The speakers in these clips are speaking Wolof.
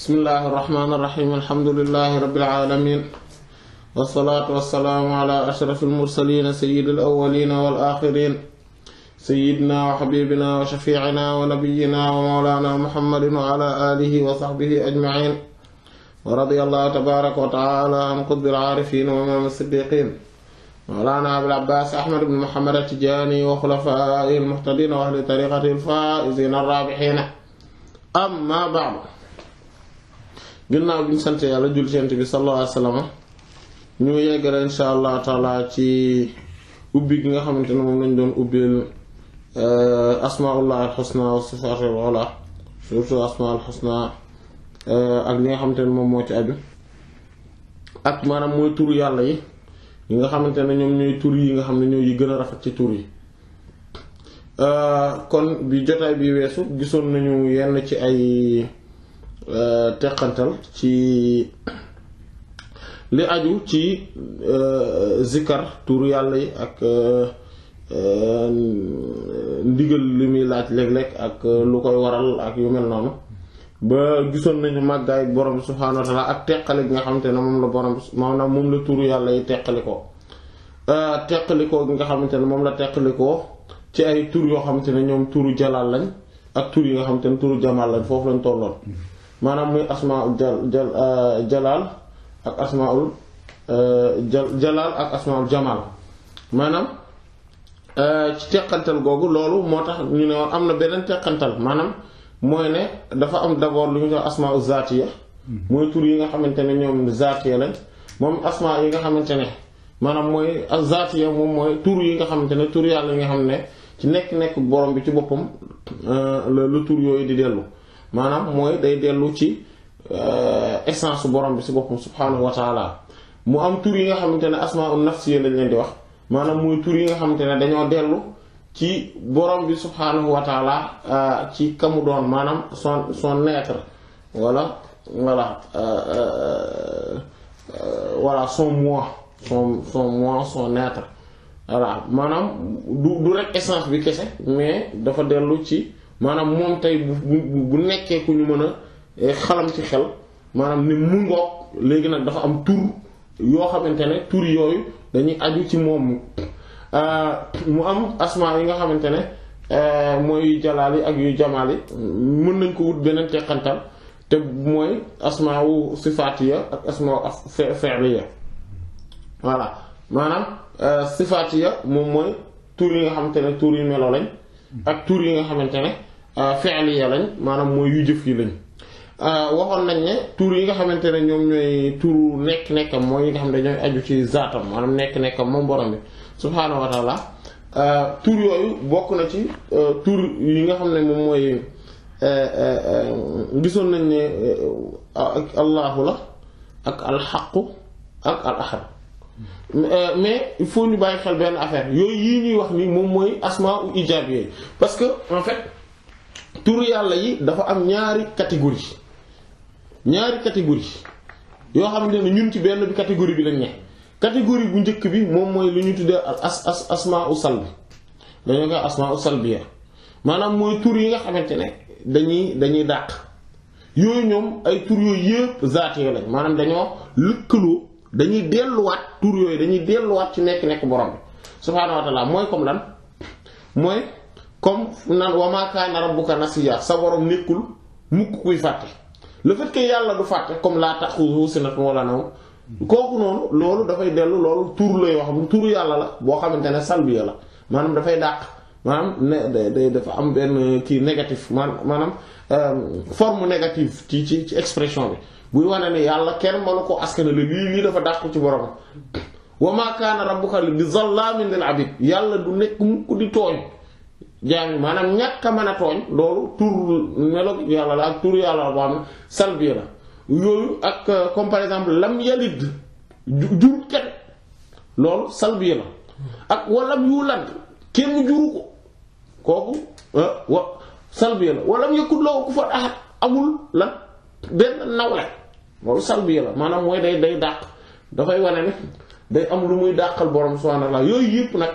بسم الله الرحمن الرحيم الحمد لله رب العالمين والصلاة والسلام على أشرف المرسلين سيد الأولين والآخرين سيدنا وحبيبنا وشفيعنا ونبينا ومولانا محمد وعلى آله وصحبه أجمعين ورضي الله تبارك وتعالى عن قد العارفين ومام الصديقين مولانا أبو العباس أحمد بن محمد التجاني وخلفائه المهتدين وأهل طريقة الفائزين الرابحين أما بعد ginnaaw bi ñu sant yàlla julli sant bi sallallahu alayhi wa sallam ñu yeggale insha allah taala ci ubbi gi nga xamante ne moom lañ doon ubbil euh, asmaullah al xusna wa sifatul ula surtout asma al xusna euh, ak li nga xamante ne moom moo ci aju ak maanaam mooy tur yàlla yi yi nga xamante ne ñoom ñooy tur yi nga xam ne ñoo yi gën a rafet ci tur yi euh, kon bi jotaay bi weesu gisoon nañu yenn ci ay Euh, teqantal ci li aju ci euh, zikar tur yàlla yi ak euh, ndigal li muy laaj léeg-léeg ak lu koy waral ak yu mel noonu ba gisoon nañu màggaay borom bi subhaanahu wa taala ak teqali gi nga xamante ne moom la borom maanaam moom la turu yàlla yi ko teqali ko gi nga xamante ne moom la teqali ko ci ay tur yoo xamante ne ñoom turu jalaal lañ ak tur yi nga xamante ne turu jamaal lañ foofu lañ tolloon maanaam muy asmaul euh, euh, jal jalaal ak asmaul jalaal ak asmaul jamaal maanaam euh, ci teqantal googu loolu moo tax ñu ne woon am na beneen teqantal maanaam mooy ne dafa am d'abord lu ñu wax asmaul zaatiya mm-hmm. mooy tur yi nga xamante ne ñoom zaatiya lañ moom asma yi nga xamante ne maanaam mooy zaatiya moom mooy tur yi nga xamante ne tur yàlla yi nga xam ne ci nekk-nekk borom bi ci boppam la tur yooyu di dellu maanaam mooy day dellu ci euh, essence su borom bi si boppam subhaanahu wa mu am tur yi nga xamante ne asmaa'un nafsiyya lañ leen di wax maanaam mooy tur yi nga xamante ne dañoo dellu ci borom bi subhaanahu wa taala euh, ci kamu doon maanaam son son maître wala voilà euh, voilà son moi son son moi son maître voilà maanaam du du rek essence bi kese mais dafa dellu ci. maanaam moom tey bu bu nekkee ku ñu mën a eh, xalam ci xel maanaam ni mu ngoog léegi nag dafa am tur yoo xamante ne tur yooyu dañuy aju ci moom mu euh, am asmaa yi nga xamante ne euh, mooy yu jalaal yi ak yu jamaal yi mën nañ ko wut beneen teqantal te mooy asmaa wu sifaati ya ak asmaa ak feeli ya voilà maanaam euh, sifaati ya moom mooy tur yi nga xamante ne tur yu melo lañ ak tur yi nga xamante ne fi'liya lañ manam moy yu jëf yi lañ waxon nañ ne tour yi nga xamantene ñom ñoy tour nek nek moy yi nga xam dañu aju ci zatam manam nek nek moom borom bi subhanahu wa taala tour yoyu bokku na ci tour yi nga xam ne moom euh gisoon nañ ne allahu la ak al haqq ak al ahad mais il faut ñu bàyyi xel benn affaire yooyu yii ñuy wax ni moom mooy asmaa u ijaab parce que en fait tur yàlla yi dafa am ñaari catégorie ñaari catégorie yoo xamante ne ñun ci benn bi catégorie bi lañ ne catégorie bu njëkk bi moom mooy lu ñu tuddee as as asmaa u salbi dañoo koy asmaa u salbiya maanaam mooy tur yi nga xamante ne dañuy dañuy dàq yooyu ñoom ay tur yooyu yëpp zaate lañ maanaam dañoo lëkkaloo dañuy delluwaat tur yooyu dañuy delluwaat ci nekk nekk borom bi subhaanahu wa mooy comme lan mooy. comme naan wa maa kaana rabbuka nasiya sa borom nekkul mukk kuy fàtte le fait yàlla du fàtte comme laa ta'xuzuhu sinatun wa laa nawm kooku noonu loolu dafay dellu loolu tur lay wax bu turu yàlla la boo xamante ne salbiya la maanaam dafay dàq maanaam ne day dafa am benn kii négatif maanaam euh, forme négative ci ci ci expression bi buy wane ne yàlla kenn mënu ko askane la lii lii dafa dàq ci borom wa maa kaana rabbuka bi zallaamin lil abid yàlla du nekk mukk di tooñ jaam maanaam ñàkk a mën a tooñ loolu tur melo yàlla la ak tur yàlla la boo xam ne salbi la yooyu ak euh, comme par exemple lam yalid jur kenn loolu salbi la ak walam yulad kenn juru ko kooku euh, wa salbi la walam yakun lahu kufuwan nawle loolu salbi la maanaam mooy day day dàq dafay wane ne day am lu muy dàqal borom subhaanahu wa yooyu yëpp nag.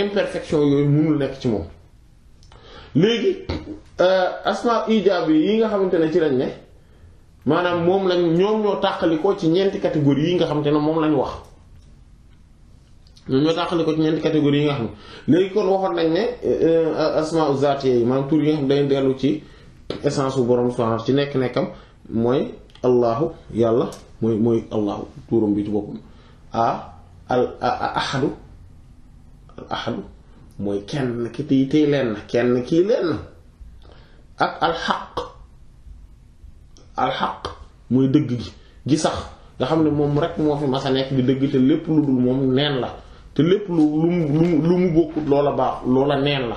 imperfection yooyu mënul nekk ci moom léegi euh, asma ijaab yi yi nga xamante ne ci lañ ne maanaam moom lañ ñoom ñoo tàqali ko ci ñeenti catégorie yi nga xamante ne moom lañ wax ñoom ñoo tàqali ko ci ñeenti catégorie yi nga xam ne léegi kon waxoon nañ ne euh, asma u zaati yi maanaam tur yi nga xam day dellu ci essence bu borom subhaanahu ci nekk-nekkam mooy allahu yàlla mooy mooy allahu turam bi ci boppam a al ahadu al ahadu mooy kenn ki tey tey lenn kenn kii lenn ak alxaq alxaq mooy dëgg gi gi sax nga xam ne moom rek moo fi masa nekk di dëgg te lépp lu dul moom neen la te lépp lu lu mu lu mu bokkut loola baax loola neen la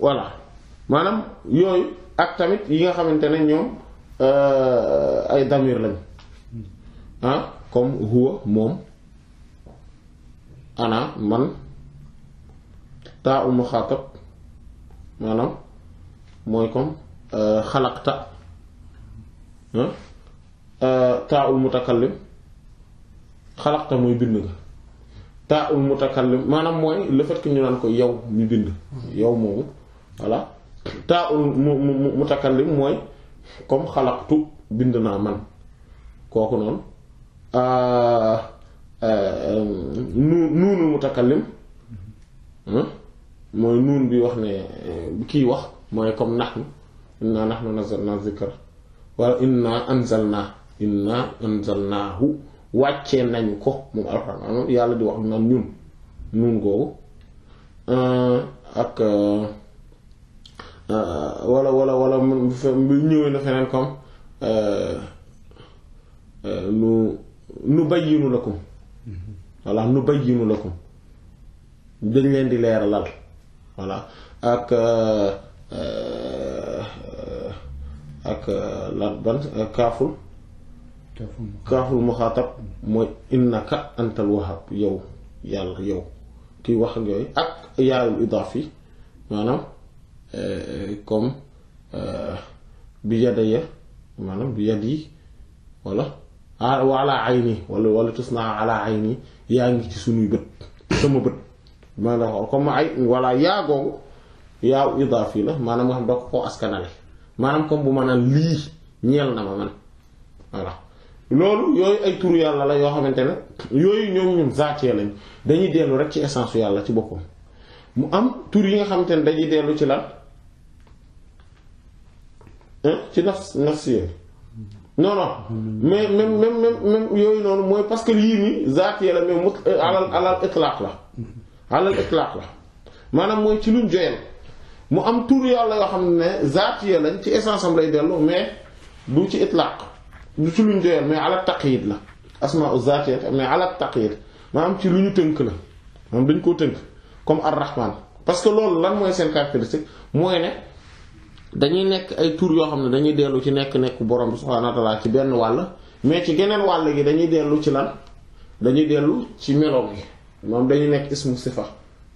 voilà maanaam yooyu ak tamit yi nga xamante ne ñoom euh, ay damir lañ ah, comme huwa moom ana man taa ul muxaatab maanaam mooy comme euh, xalaqta euh, taa ul mutakallim muy mooy bind nga taa ul mutakallim maanaam mooy le fait ñu naan ko yow mi bind yow moomu voilà taa ul mooy comme xalaqtu bind naa man kooku noonu euh, Euh, euh, nuun nuunul mutakallim mooy nuun bi wax ne euh, kii wax mooy comme nahnu inna nahnu nazzalna zikra wala inna anzalna inna anzalnahu wàccee nañu ko moom alxuraan yàlla di wax naan ñun ñun googu ak wala wala wala mu ñëwee na feneen comme nu nu bayyinu lakum wala nu bayinu lako dañ leen di leralal wala ak euh ak la ban kaful kaful muxaatab moy innaka antal wahab yow yàlla yow ki wax ak yoy ak yaayul idafi manam euh comme euh bi yadaya manam bi yadi wala wala ayni wala wala tusna ala ayni yaa ngi ci sunuy bët sama bët maanaam comme ay walla yaa googu maanaam nga xam doo ko koo askanale maanaam comme bu ma naan lii ñeel na ma man voilà loolu yooyu ay turu yàlla la yoo xamante ne yooyu ñoom ñoom zaatee lañ dañuy dellu rek ci essence yàlla ci boppam mu am tur yi nga xamante ne dañuy dellu ci lan ci nafs nafs yooyu non non mais même même même même yooyu noonu mooy parce que lii nii zaatiya la mais mut alal alal itlaq la alal itlaq la manam moy ci luñ joyel mu am tour yàlla yoo xamne ne lañ ci essence am lay dellu mais du ci itlaq du ci luñ joyel mais ala taqyid la asmaa u mais ala taqyid manam ci luñu teunk la manam dañ ko teunk comme ar-rahman parce que lool lan moy sen caractéristique moy ne dañuy nekk ay tur yoo xam ne dañuy dellu ci nekk nekku borom bi subhaanahu wa ta'aala ci benn wàll mais ci geneen wàll gi dañuy dellu ci lan dañuy dellu ci meloom gi moom dañuy nekk ismu sifa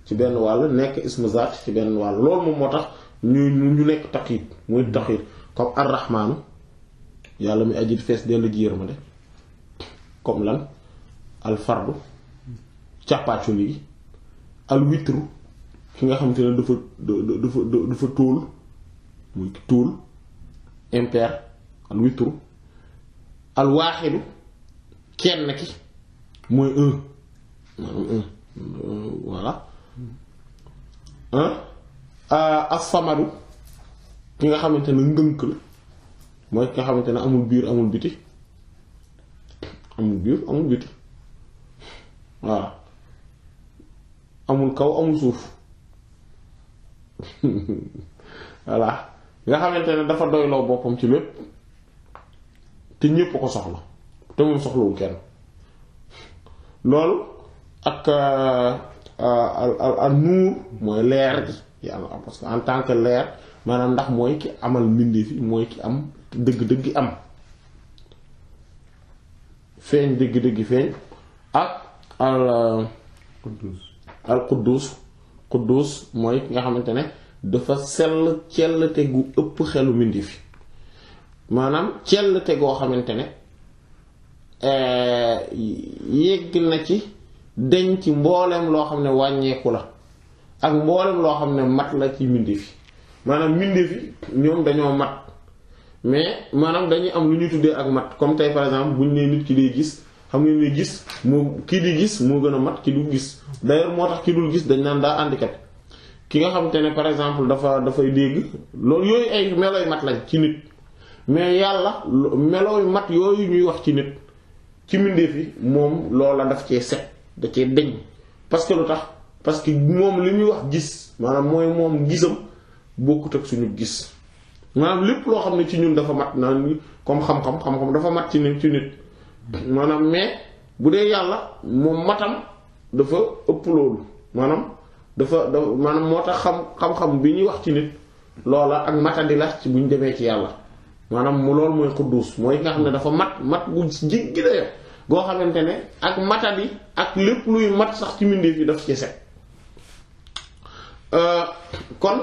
ci benn wàll nekk ismu zaat ci benn wàll loolu moom moo tax ñu ñu nekk taqyid muy taqyid comme ar-rahmaanu yàlla mi aji fees dellu ji yërmande comme lan al-fardu càppaacul yi al-witru ki nga xamante ne dafa dafa dafa tóol muy tuul impair alwitru alwaaxidu ki mooy un maanaam un voilà euh, as-samadu ki nga xamante ne ngënk la mooy ki nga xamante ne amul biir amul biti amul biir amul biti waaw amul kaw amul suuf voilà nga xamante ne dafa doyloo boppam ci lépp te ñépp ko soxla te moom soxlawul kenn loolu ak euh, euh, al nuur mooy leer gi yàlla parce que en tant que leer maanaam ndax mooy ki amal mbindeef yi mooy ki am dëgg-dëgg am feeñ dëgg-dëgg feeñ ak al euh, al quddus quddus mooy ki nga xamante ne dafa sell cellte gu ëpp xelu mbindi fi maanaam cellte goo xamante ne eh, yegg na ci deñ ci mbooleem loo xam ne wàññeeku la ak mboolem loo xam ne mat la ci mbindi fi maanaam mbindi fi ñoom dañoo mat mais maanaam dañuy am lu ñuy tuddee ak mat comme tey par exemple buñ nee nit ki day gis xam ngeen ne gis moo kii di gis moo gën a mat ki du gis d'ailleurs moo tax ki dul gis dañ naan daa handicapé ki nga xamante ne par exemple dafa dafay dégg loolu yooyu ay melooy mat lañ ci nit mais yàlla melooy mat yooyu ñuy wax ci nit ci mbindeef yi moom loola daf cee set da cee deñ parce que lu tax parce que moom li ñuy wax gis maanaam mooy moom gisam bokkut ak suñu gis maanaam lépp loo xam ne ci ñun dafa mat naan comme xam-xam xam-xam dafa mat ci nit ci nit maanaam mais bu dee yàlla moom matam dafa ëpp loolu maanaam dafa da maanaam moo tax xam xam-xam bi ñuy wax ci nit loola ak matadi la ci bu demee ci yàlla maanaam mu loolu mooy xudduus mooy nga ne dafa mat mat bu jéggi dayo goo xamante ne ak matadi ak lépp mat sax ci yi daf ci set euh, kon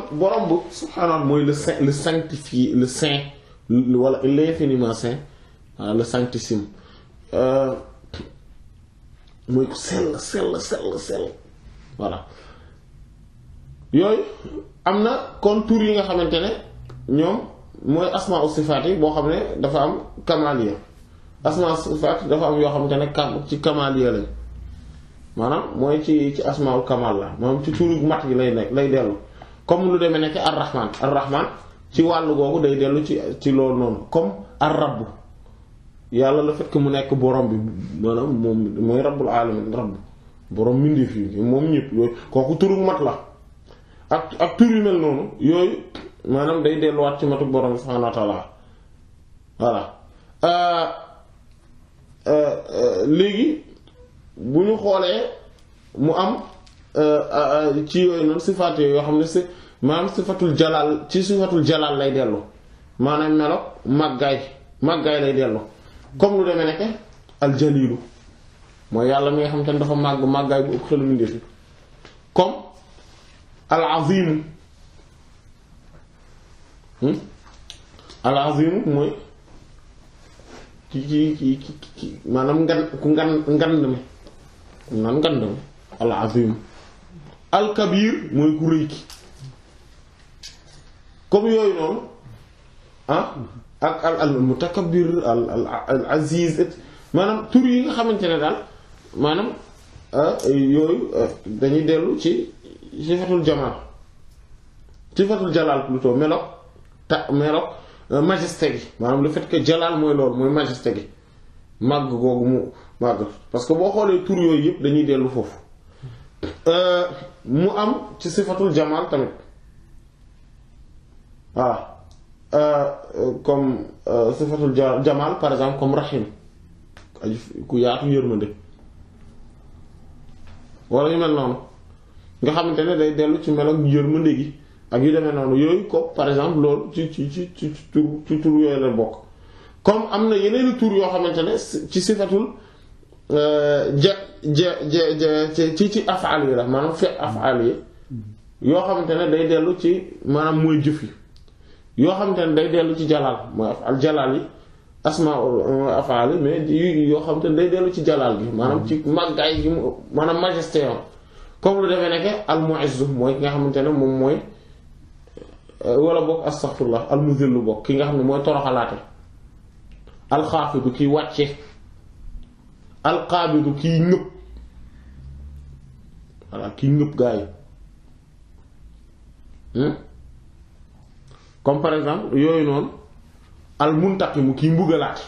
mooy le saint le sanctifié le saint wala l'infiniment euh, le sanctissime euh, mooy ku sell sell sell sell voilà yooyu am na kon tur yi nga xamante ne ñoom mooy asmaa u sifaat yi boo xam ne dafa am kamaliya asmaa sifaat dafa am yoo xamante ne kam ci kamaliya lañ maanaam mooy ci ci asmaa ul kamal la maanaam ci turu mat gi lay nekk lay dellu comme lu demee nekk ar-rahman ar-rahman ci wàllu googu day dellu ci ci loolu noonu comme ar-rabb yàlla la fekk mu nekk borom bi maanaam moom mooy rabbul alamin rabb borom mbindeef yi moom ñëpp yooyu kooku turu mat la. ak ak tur yu mel noonu yooyu maanaam day delluwaat ci matu borom subhaanahu wa ta'aala euh, euh, euh, léegi bu ñu xoolee mu am ci yooyu noonu sifaat yooyu yoo xam ne si maanaam sifatul jalaal ci sifatul jalaal lay dellu maanaam melo màggaay màggaay lay dellu comme lu demee nekke aljaliilu moo yàlla mi nga xam te dafa màgg màggaay bu ëpp xelu mbindeef comme al-azimu hmm? al-azimu mooy ki ki ki ki maanaam ngan ku ngan ngand mi ku naan ngand mi al-azimu al-kabir mooy ku rëy ki comme yooyu noonu ah ak al al mutakabbir al al al aziz et tur yi nga xamante ne daal maanaam ah, yooyu ah, dañuy dellu ci sifatul jamaal sifatul jalaal plutôt melo ta melo euh, majesté gi maanaam lu fait que jalaal mooy loolu mooy majesté gi màgg googu mu màgg parce que boo xoolee tur yooyu yëpp dañuy dellu foofu euh, mu am ci sifatul jamaal tamit voilà euh, comme sifatul jamaal par exemple comme rahim ku yaatu yërmande wala ñu mel noonu nga xamante ne day dellu ci mel ak yërmande gi ak yu demee noonu yooyu ko par exemple loolu ci ci ci ci tur ci tur yooyu la bokk comme am na yeneen tur yoo xamante ne ci sifatul euh, ja ja ja ci ci afaal yi la maanaam fi afaal yi yoo xamante ne day dellu ci maanaam mooy jëf yi yoo xamante ne day dellu ci jalaal mooy al jalaal yi asma euh, afaal yi mais yoo xamante ne day dellu ci jalaal gi maanaam ci màggaay gi maanaam majesté yoon comme lu demé nek al mu'izz moy nga xamantene mom moy wala bok astaghfirullah al muzillu bok ki nga xamne moy toroxalaté al xaafidu ki wàcce al qaabidu ki ñup wala ki ñup gaay hmm comme par exemple yoy non al muntaqimu ki mbugalaté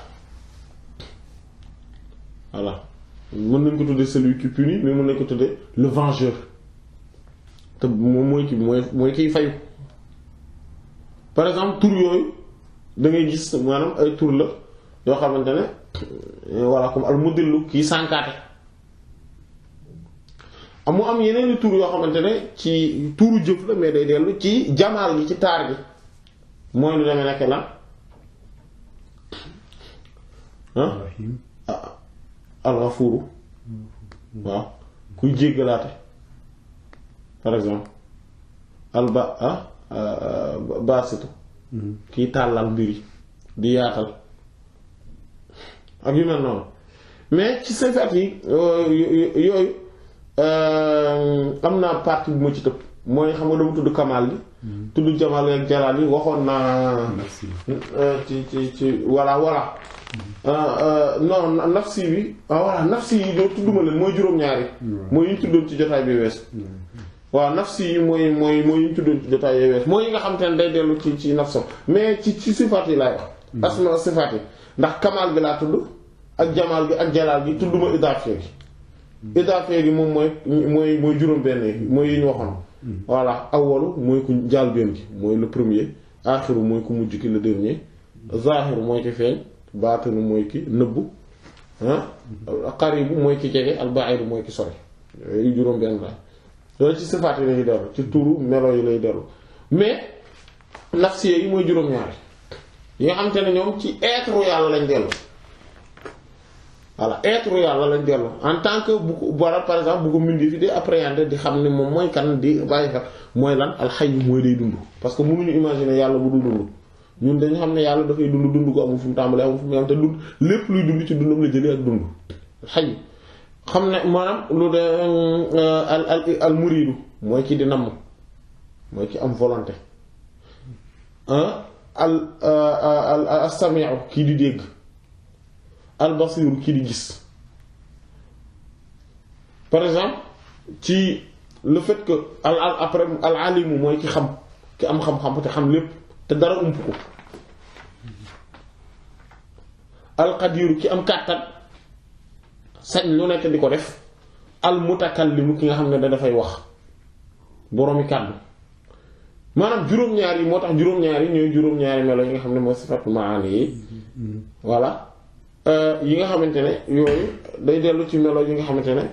wala mën nañ ko tuddee celui qui punit mais mën nañ ko tuddee le vengeur te moom mooy ki mooy mooy kiy fayu par exemple tour yooyu da ngay gis maanaam ay tour la yoo xamante ne euh, voilà comme al mudillu kii sànkaate am ah, mu am yeneen tour yoo xamante ne ci touru jëf la mais day dellu ci jamaal gi ci taar gi mooy lu demee nekk lan ah alxafuuru waaw kuy jéggalaate par exemple alba ah, euh, baasitu hmm. kiy tàllal mbir yi di yaatal ak yu mel noonu mais ci sifaat yi euh, yooyu euh, am naa partie bu ma ci tëb mooy xam nga dama tudd kamaal li tudd jamal ak jalal yi waxoon naa euh, ci ci ci voilà voilà mm. euh, euh, non nafsi bi ah, voilà nafsi yi doo tudduma leen mooy juróom-ñaari mooy yiñ tuddoon ci jotaay bi wees mm. waaw nafsi yi mooy mooy mooy yiñ tuddoon ci jotaay bi wees mooy yi nga xam te ne day dellu ci ci nafso mais ci ci sifaat yi laay wax mm. asma sifaat yi ndax kamaal gi laa tudd ak jamaal gi ak jalaal gi tudduma idaafe gi idaafe gi moom mooy mooy mooy juróom benn mooy yi ñu waxoon voilà awalu mooy ku njàlbeen gi mooy le premier aaxiru mooy ku mujj ki le dernier zaahiru mooy ki feeñ baatinu mooy ki nëbbu ah xaribu mooy ki jege albaahiru mooy ki sore yooyu juróom-benn la loolu ci sifaat yi lay dellu ci turu melo yi lay dellu mais nafsiya yi mooy juróom-ñaari yi nga te ne ñoom ci être yàlla lañ dellu voilà être yàlla lañ dellu en tant que bu ko wala par exemple bu ko mindee fi di appréhender di xam ne moom mooy kan di bàyyi xel mooy lan alxay mooy day dund parce que mënuñu imaginer yàlla bu dul dund ñun dañu xam ne yàlla dafay dund dund ko amul fu mu tàmbalee amul fu mu yam te dund lépp luy dund ci dundam la jëlee ak dund alxay xam ne maanaam lu de euh, al al al muriidu mooy ki di namm mooy ki am volonté euh, euh, al al al samiu kii di dégg. albasiru ki di gis par exemple ci le fait que al al après al alimu mooy ki xam ki am xam-xam te xam lépp te dara ump ko al qadiru ki am kàttan sañ lu nekk di ko def al mutakallimu ki nga xam ne da dafay wax boroomi kàddu maanaam juróom-ñaar yi moo tax juróom-ñaar yi ñooy juróom-ñaari melo yi nga xam ne mooy sifatul maani yi mm-hmm. voilà Euh, yi nga xamante ne yooyu day dellu ci melo yi nga xamante ne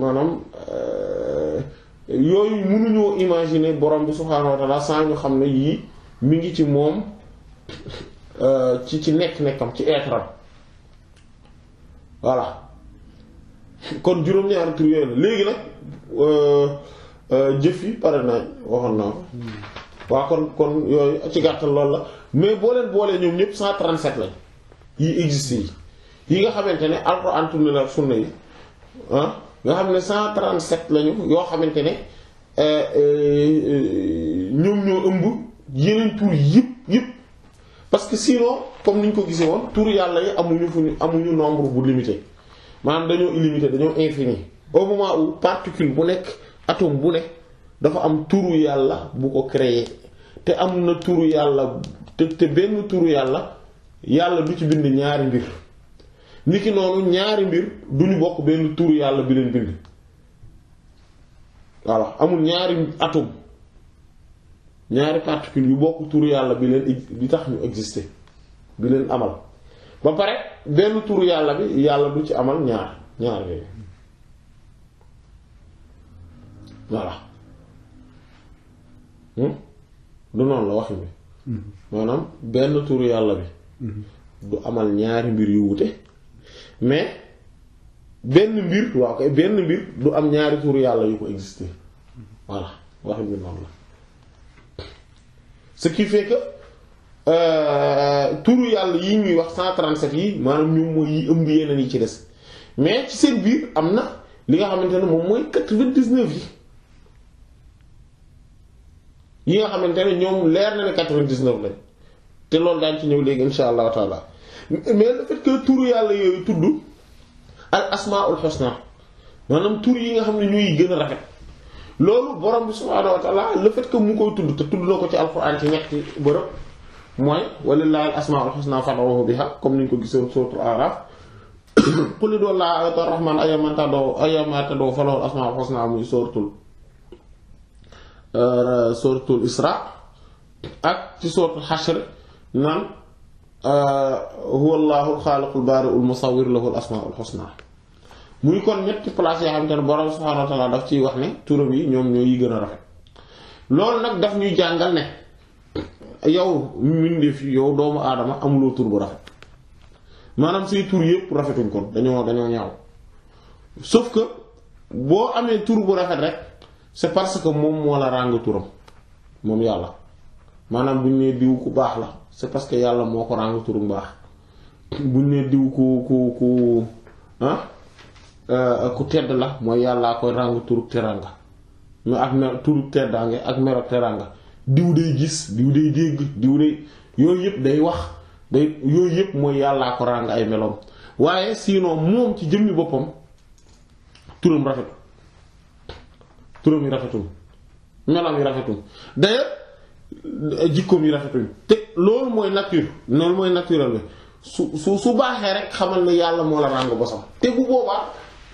maanaam euh, yooyu mënuñoo imaginer borom bi subhaanahu wa taala saa ñu xam ne yii mi ngi ci moom euh, ci ci nekk-nekkam ci eetram voilà kon juróom-ñaari tur la léegi nag jëf yi pare naa waxoon naa hmm. waa kon kon yooyu ci gàttal loolu la mais boo leen boolee ñoom ñëpp 137 lañ yi existé yi yi nga xamante ne alxuraan tudd na sunna yi ah nga xam ne cent 137 lañu yoo xamante ne eh, eh, ñoom ñoo ëmb yeneen tur yëpp yëpp parce que sinon comme ni ñu ko gisee woon tur yàlla yi amuñu fu ñu amuñu nombre bu limité maanaam dañoo illimité dañoo infini au moment où particule bu nekk atome bu nekk dafa am turu yàlla bu ko créer te am na tour yàlla te te benn turu yàlla. yàlla du ci bind ñaari mbir niki noonu ñaari mbir duñu bokk benn tur yàlla bi leen bind voilà amul ñaari atome ñaari particule yu bokk tur yàlla bi leen bi tax ñu exister bi leen amal ba pare benn tuur yàlla bi yàlla du ci amal ñaar ñaar yooyu voilà hmm? du noonu la wax bi mm-hmm. maanaam benn tur yàlla bi du amal ñaari mbir yu wute mais benn mbir waaw kay benn mbir du am ñaari tur yàlla yu ko exister voilà wax bi noonu la ce qui fait que euh, yàlla yi ñuy wax 137 yi maanaam ñoom mooy yi ëmb yeneen yi ci des mais ci seen biir am na li nga xamante ne moom mooy 99 yi yi nga xamante ne ñoom leer na ne 99 lañ. te loolu daañ ci ñëw léegi insha allahu taala mais le fait tur yàlla yooyu tudd al asmaul husna maanaam tur yi nga xam ne ñuy gën a rafet loolu borom bi subhaanahu wa taala le fait que mu koy tudd te tudd na ko ci alquran ci ñetti bërëb mooy walillahi al asmaul husna fad'uhu biha comme niñ ko gisoon suratul araf qul ud'u llaha aw rahman ayyamaa tad'u ayyamaa euh, isra ak ci suratul hashr man uh, huwa allahu alxaaliqu albaari almusawir lahu alasmaa alxusna muy kon ñetti place yoo xam te ne borom subhaanahu wa taala daf ciy wax ne turam yi ñoom ñoo yi gën rafet loolu nag daf ñuy jàngal ne yow mbindeef yow doomu aadama amuloo tur bu rafet maanaam say tur yépp rafetuñ kon dañoo dañoo ñaaw sauf que tur bu rafet rek c'est parce que la turam moom yàlla maanaam bu ñu diw ku la c'est parce que yàlla moo ko ràng turu mbaax buñ ne diw ku ku ku ah euh, ku tedd la mooy yàllaa koy ràng turu teraanga mais ak ak mero teraanga diw day gis diw day dégg diw day yooyu yëpp day wax day yooyu yëpp mooy yàllaa ko ràng ay meloom waaye sinon moom ci jëmmi boppam turam rafetul turam yi rafetul melam yi rafetul d'ailleurs jikkoom yu rafetuñ te loolu mooy nature loolu mooy naturel bi su su su baaxee rek xamal ne yàlla moo la ràng bosam te bu boobaa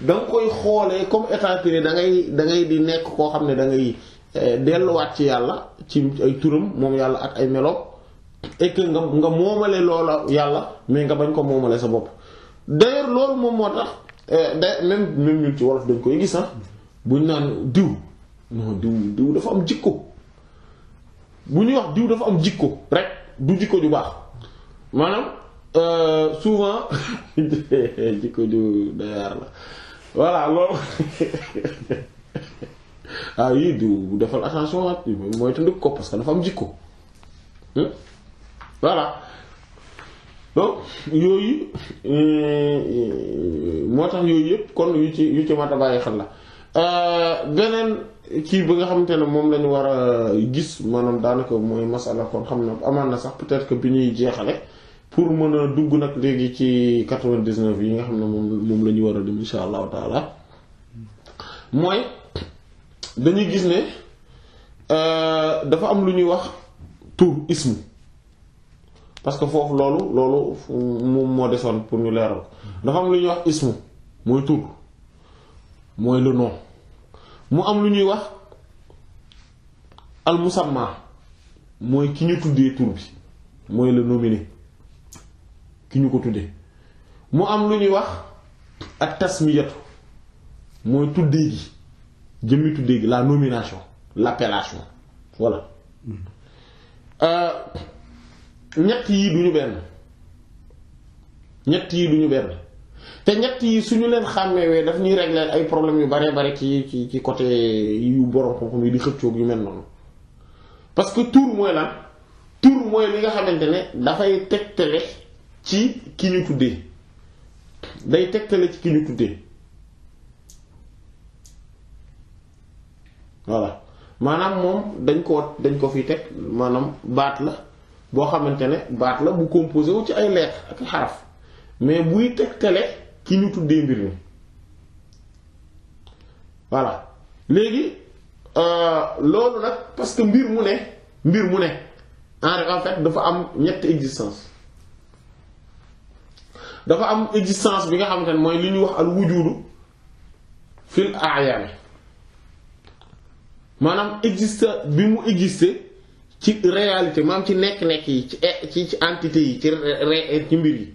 da nga koy xoolee comme état puré da ngay dangay di nekk koo xam ne dangay ngay eh, delluwaat ci yàlla ci ay turam moom yàlla ak ay melo et que nga nga moomale loola yàlla mais nga bañ ko moomale sa bopp d'ailleurs loolu moom moo tax eh, da même même ñun ci wolof dañ koy gis ah buñ naan diw non diw diw dafa am jikko bu ñuy wax diw dafa am jikko rek du jikko ju baax maanaam euh, souvent jikko ju dayaar la voilà loolu ah yii diw defal attention ak mooy tënd ko parce que dafa am jikko hmm? voilà donc yooyu euh, moo tax yooyu yëpp kon yu ci yu ci mat a la euh, beneen. kii bi nga xamante ne moom lañu war a gis maanaam daanaka mooy masala xam na amaan na sax peut-être bi ñuy jeexale pour mën a dugg nag léegi ci 99 yi nga xam ne moom moom la ñu war a dem insha allahu taala mooy dañuy gis ne euh, dafa am lu ñuy wax tur ismu parce que foofu loolu loolu moom moo desoon pour ñu leeral dafa am lu ñuy wax ismu mooy tur mooy le nom mu am lu ñuy wax al mooy ki ñu tuddee tur bi mooy le nominé ki ñu ko tuddee mu am lu ñuy wax ak tasmiyatu mooy tuddee gi jëmmi tuddee gi la nomination l'appellation voilà euh, ñett yi duñu benn ñett yi ñu benn te ñett yi suñu leen xàmmeewee daf ñuy régler ay problèmes yu bare bare ci ci ci côté yu borom xam-xam yi di xëccoog yu mel noonu parce que tur mooy lan tur mooy li nga xamante ne dafay tegtale ci ki ñu tuddee day tegtale ci ki ñu tuddee maanaam moom dañ ko dañ ko fi teg maanaam baat la boo xamante ne baat la bu composé wu ci ay lettres ak xaraf mais buy tegtale ki ñu tuddee mbir mi voilà léegi euh, loolu nag parce que mbir mu ne mbir mu ne en fait dafa am ñetti existence dafa am existence bi nga xamante ne mooy li ñuy wax al wujudu fil ayaan maanaam existe bi mu existe ci réalité maanaam ci nekk-nekk yi ci ci ci entité yi ci ci mbir yi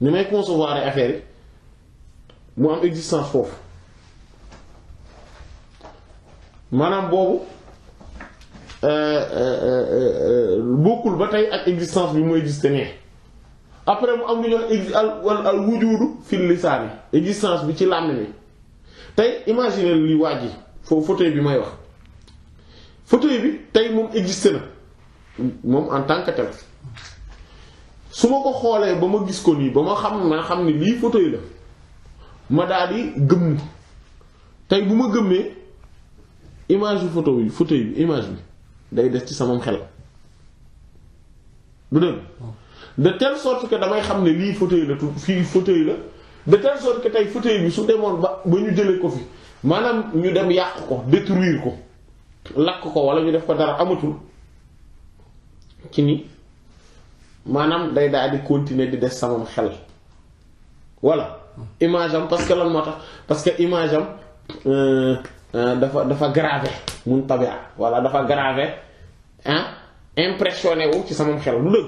ni may concevoir affaire yi mu am existence foofu maanaam boobu euh, euh, euh, bokkul ba tey ak existence bi mu existe nee après mu am lu ñuy wax al al wujudu fil lisaani existence bi ci làmni bi tey imaginer li waaj yi foofu fauteuil bi may wax fauteuil bi tey moom existe na moom en tant que su ma ko xoolee ba ma gis ko nii ba ma xam naa xam ni lii fauteuil la ma daal di gëmm tey bu ma gëmee image yu photo bi fauteuil bi image bi day des ci samam xel du dëgg oh. de telle sorte que damay xam ne lii fauteuil la tu fii fauteuil la de telle sorte que tey fauteuil yi su demoon ba ba ñu jëlee ko fi maanaam ñu dem yàq ko détruire ko lakk ko wala ñu def ko dara amatul ci ni maanaam day daal di continuer di des samam xel voilà image am parce lan moo tax parce que image am euh, euh, dafa dafa gravé mun tabia voilà dafa gravé ah impressionné ci samam xel lu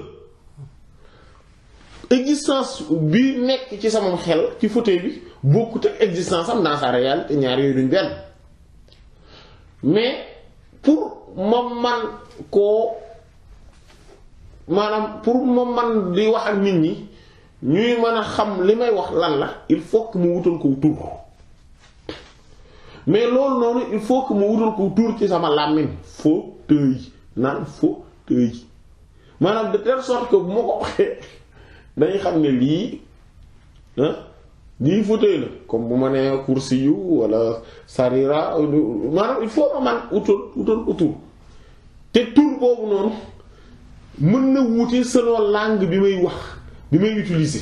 dëgg existence bi nekk ci samam xel ci fauteuil bi bokkut ak existence am dans sa réalité ñaar yooyu benn mais pour ma man koo maanaam pour ma man di wax ak nit ñi ñuy mën a xam li may wax lan la il faut que mu wutal ko tur mais loolu noonu il faut que mu wutal ko tur ci sama làmmiñ foo tëy naan foo tëy maanaam de telle sorte que bu ko xam ne lii lii fauteuil la comme bu ma nee kursi yu wala sarira maanaam il faut ma man wutal wutal ko tur te tur boobu noonu mën na wuute solo làng bi may wax bi may utiliser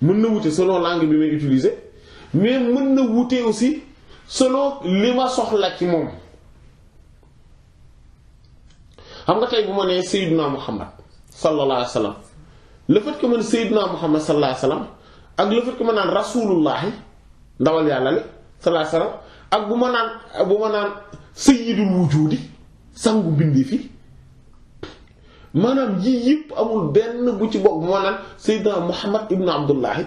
mën na wuti solo langue bi may utiliser mais mën na wuute aussi solo li ma soxla ci moom xam nga tey bu ma nee Seydina Muhammad sallallahu alayhi wa sallam le fait que man Seydina Muhammad sallallahu alayhi wa sallam ak le fait que ma naan rasulullahi ndawal yàlla li sallallahu alayhi wa sallam ak bu ma naan bu ma naan sayyidul wujudi sangu bindi fii maanaam yii yëpp amul benn bu ci bokk moo naan Seydina Muhammad ibnu Abdullahi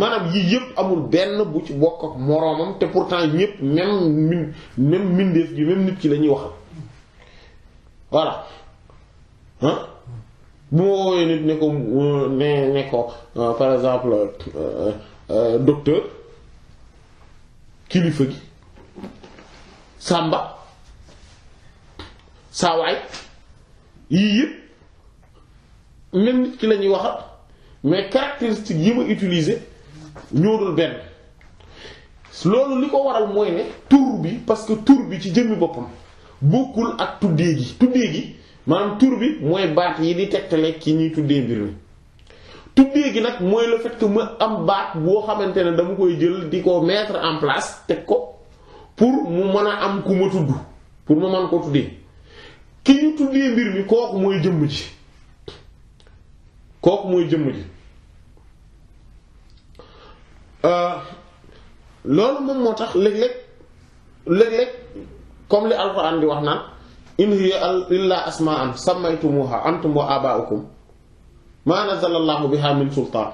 maanaam yii yëpp amul benn bu ci bokk ak moroomam te pourtant ñëpp même min même mindeef gi même nit ki lañuy ñuy waxal voilà ah bu ma woowee nit ne ko ne ne ko euh, par exemple euh, euh, docteur kilifa gi Samba saawaay yii yëpp même nit ki la ñuy waxal mais caractéristique yi ma utilise ñoo dul benn loolu li ko waral mooy ne tur bi parce que tur bi ci jëmmi boppam bokkul ak tuddee gi tuddee gi maanaam tur bi mooy baat yi di tegtale ki ñuy tuddee mbir mi tuddee gi nag mooy le fait que ma am baat boo xamante ne dama koy jël di ko mettre en place teg ko pour mu mën a am ku ma tudd pour ma mën ko tuddee ki ñu tuddee mbir mi kooku mooy jëmm ji kooku mooy jëmm euh, loolu moom moo tax léeg-léeg léeg comme li alxuraan di wax naan in hiya illa asmaa'an sammaytumuha antum wa aba'ukum ma nazzala Allahu biha sultaan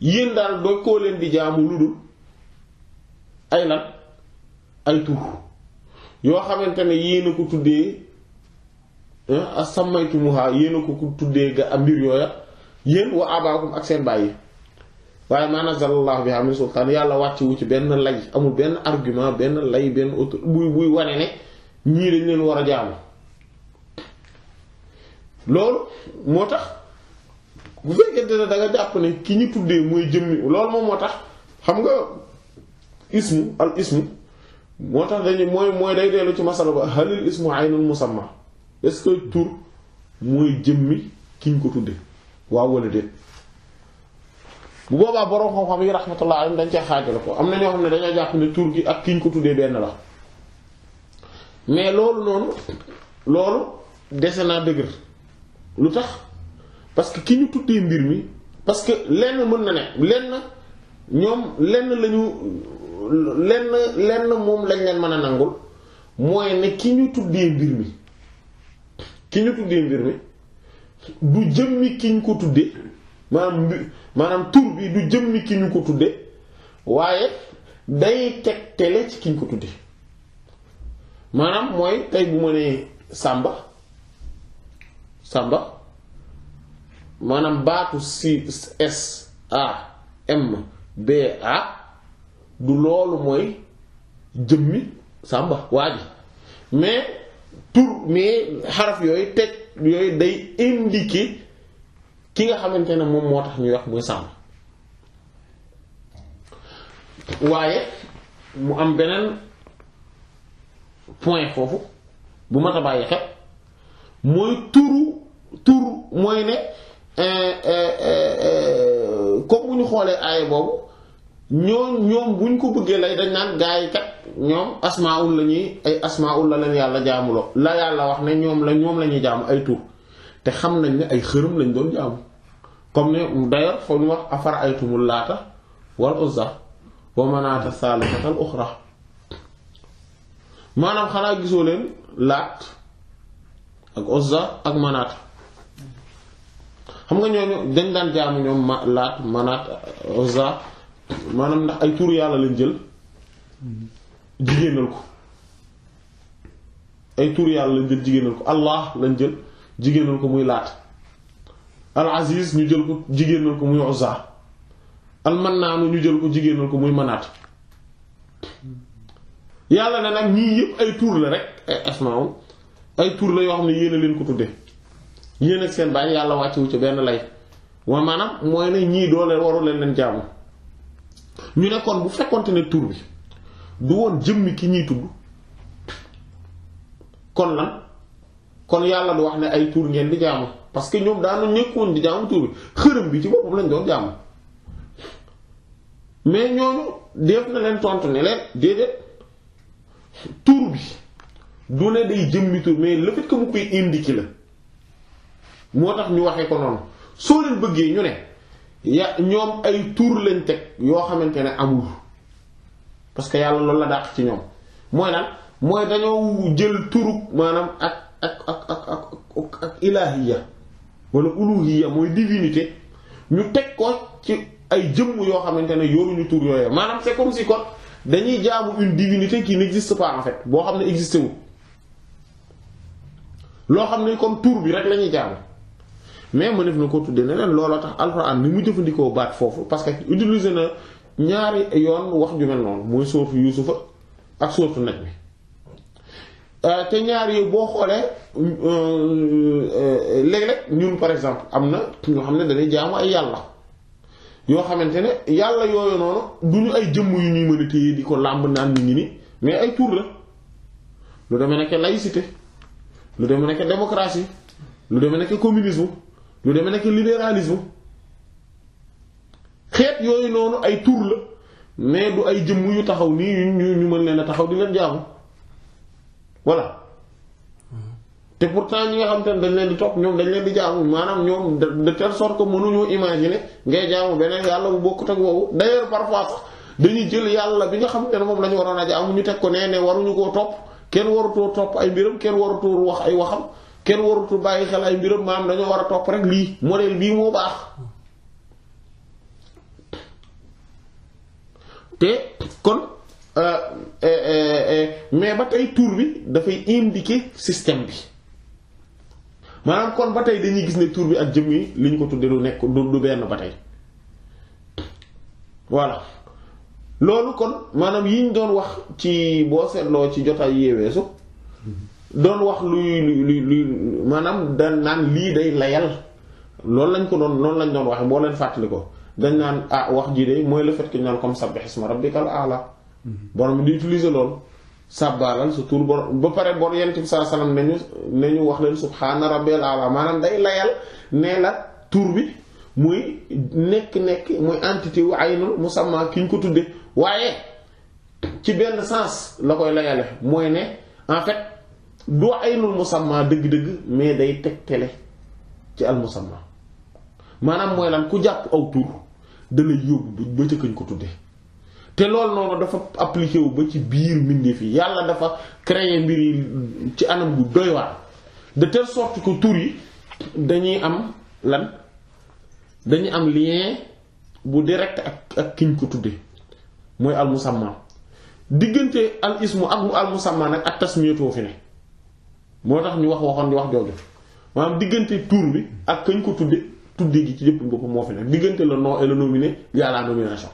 yéen daal doo koo leen di jaamu lu dul ay lan ay tur yoo xamante ne yéen a ko tuddee as sammaytumuha yéen a ko ku tuddee ga mbir yooya yéen wa abaakum ak seen bàyyi waaye ma nazzalallahu biha min sultaan yàlla wàccewu ci benn lay amul benn argument benn lay benn autor buy buy wane ne ñii dañ leen war a jaamu loolu moo tax bu fekkente ne da nga jàpp ne ki ñu tuddee mooy jëmmi loolu moom moo tax xam nga ismu al ismu moo tax dañu mooy mooy day dellu ci masala ba halil ismu aynul musamma est-ce que tur mooy jëmmi kiñ ko tudde waaw wala déet bu boobaa borom xam-xam yi rahmatullah alayhi dañ cee xaajale ko am na ñoo xam ne dañoo jàpp ne tur gi ak ki kiñ ko tuddee benn la mais loolu noonu loolu dese naa dëgër lu tax parce que ki ñu tuddee mbir mi parce que lenn mën na ne lenn ñoom lenn lañu lenn lenn moom lañ leen mën a nangul mooy ne ki ñu tuddee mbir mi ki ñu tuddee mbir mi du jëmmi ki ñu ko tuddee maanaam maanaam tur bi du jëmmi ki ñu ko tuddee waaye day tegtale ci ki ñu ko tuddee maanaam mooy tey bu ma nee Samba Samba maanaam baatu si S A M B A du loolu mooy jëmmi Samba waa ji mais. pour mais xaraf yooyu teg yooyu day indiquer ki nga xamante ne moom moo tax ñuy wax muy sàmm waaye mu am beneen point foofu bu ma a bàyyi xel mooy turu tur mooy ne euh, euh, euh, comme bu ñu xoolee aaya boobu ñoo ñoom buñ ko bëggee lay dañ naan gaa yi kat ñoom asmaul la ñuy ay asmaul la leen yàlla jaamuloo la yàlla wax ne ñoom la ñoom la ñuy jaamu ay tur te xam nañ ne ay xërëm lañ doon jaamu comme ne d'ailleurs foo ñu wax afara ay tumul laata wal uzza wa manaata saalisatal uxra maanaam xanaa gisoo leen laat ak uzza ak manaata xam nga ñooñu dañ daan jaamu ñoom ma laat manaat uzza maanaam ndax ay tur yàlla lañ jël jigéenal ko ay tur yàlla lañ jël jigéenal ko allah lañ jël jigéenal ko muy laat al aziz ñu jël ko jigéenal ko muy uzza al mannaanu ñu jël ko jigéenal ko muy manaat yàlla ne nag ñii yépp ay tur la rek ay asmaawum ay tur la yoo xam ne yéen leen ko tudde yéen seen bàyyi yàlla wàccewu ci benn lay wa maanaam mooy ne ñii doole waru leen leen jàmm ñu ne bu fekkonte ne tuur bi du woon jëmmi ki ñuy tudd kon lan kon yàlla du wax ne ay tuur ngeen di jaamu parce que ñoom daanu nekkoon di jaamu tuur bi xërëm bi ci boppam lañ mais ñooñu def na leen tontu ne leen déedéet tuur bi du ne day jëmmi tuur mais le fait que koy indi ci la moo tax ñu waxee ko noonu soo leen bëggee ñu ne ya ñoom ay tuur lañ teg yoo xamante ne amul parce que yàlla loolu la dàq ci ñoom mooy lan mooy dañoo jël turuk maanaam ak ak ak ak ak ak ilaahiya wala uluhiya mooy divinité ñu teg ko ci ay jëmm yoo xamante ne yoruñu tur yooyee maanaam c'est comme si kon dañuy jaamu une divinité qui n'existe pas en fait boo xam ne existé wu loo xam ne comme tur bi rek lañuy ñuy jaamu mais mëneef na ko tuddee ne leen looloo tax alxuraan ni mu jëfandikoo baat foofu parce que na ñaari yoon wax ju mel noonu mooy sóortu yuusufa ak sóortu naj mi euh, te ñaar yi boo xoolee euh, euh, léeg-léeg ñun par exemple am na ñoo xam ne dañuy jaamu ay yàlla yoo xamante ne yàlla yooyu noonu du ñu ay jëmm yu ñuy mën a téye di ko làmb naan yi ñi ni mais ay tur la lu demee nekk laïcité lu demee nekk démocratie lu demee nekk communisme lu demee nekk libéralisme xeet yooyu noonu ay tur la mais du ay jëmm yu taxaw nii ñu ñu mën leen a taxaw di leen jaamu voilà te pourtant ñi nga xam te ne dañ leen di topp ñoom dañ leen di jaamu maanaam ñoom de telle ko que mënuñoo imaginer ngay jaamu beneen yàlla bu bokkut ak woowu d'ailleurs parfois sax dañuy jël yàlla bi nga xam te ne moom dañu ñu waroon a jaamu ñu teg ko nee ne waruñu koo topp kenn warutoo topp ay mbiram kenn warutoo wax ay waxam kenn warutoo bàyyi xel ay mbiram maa dañoo war a topp rek lii modèle bii moo baax. te kon euh, euh, euh, mais ba tey tur bi dafay indiquer système bi maanaam kon ba tey dañuy gis ne tur bi ak jëm yi li ñu ko tuddee lu nekk du benn ba tey voilà loolu kon maanaam yi ñu doon wax ci boo seetloo ci jotaay yeeweesu doon wax luy luy luy maanaam da naan lii day layal loolu lañ ko doon noonu lañ doon wax boo leen fàttali ko dañ naan ah wax jii de mooy le fait que ñu naan comme sabbih isma rabbikal a'la borom di utiliser lool sàbbaalal sa tur borom ba pare bor yent bi saa salaam nañu nañu wax leen subhaana rabbil a'la maanaam day layal nee la tur bi muy nekk-nekk muy entité wu aynul musamma ki ñu ko tudde waaye ci benn sens la koy layale mooy ne en fait du aynul musamma dëgg-dëgg mais day teg tele ci al musamma maanaam mooy lan ku jàpp aw tur dalay yóbbu ba ca kañ ko tudde te loolu noonu dafa appliqué wu ba ci biir mbindeef yi yàlla dafa créer mbir yi ci anam gu doy waar de telle sorte que tur yi dañuy am lan dañuy am lien bu direct ak ak kiñ ko tudde mooy al musamma diggante al ismu ak al musamma nag ak tasmiyatoo fi ne moo tax ñu wax waxoon di wax jooju maanaam diggante tur bi ak kañ ko tudde tuddee gi ci yëpp boppam moo fi nekk diggante le nom et le nominé y a la nomination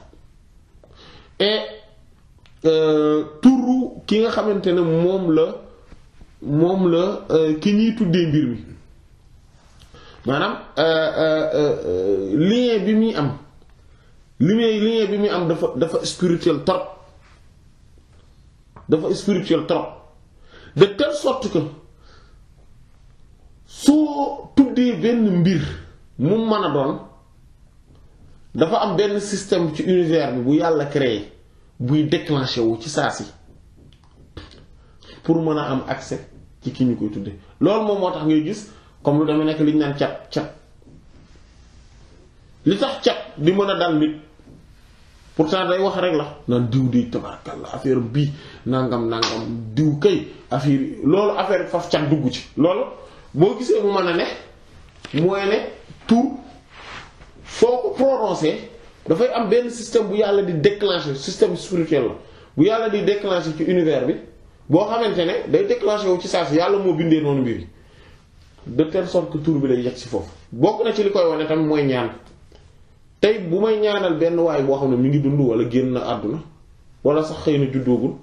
euh, turu ki nga xamante ne moom la moom la euh, ki ñuy tuddee mbir mi maanaam euh, lien bi muy am li muy bi muy am dafa dafa spirituel trop dafa spirituel trop de telle sorte que soo tuddee benn mbir mu mën a doon dafa am benn système ci univers bi bu yàlla créé buy déclenché wu ci saa si pour mën a am accès ci kii ñu koy tudde loolu moom moo tax ngay gis comme lu dama nekk li ñu naan cat cat li tax cat di mën a dal nit pourtant day wax rek la naan diw di tabarkalla affaire bii nangam nangam diw kay affaire loolu affaire faf cat dugg ci loolu boo gisee mu mën a ne mooy ne tur foo ko prononcé dafay am benn système bu yàlla di déclencher système spirituel la bu yàlla di déclencher ci univers bi boo xamante ne day déclencher wu ci saa si yàlla moo bindee noonu mbir yi de telle sorte tur bi lay yegg si foofu. bokk na ci li koy wane tamit mooy ñaan tey bu may ñaanal benn waay boo xam ne mi ngi dund wala génn na àdduna wala sax xëy na juddoogul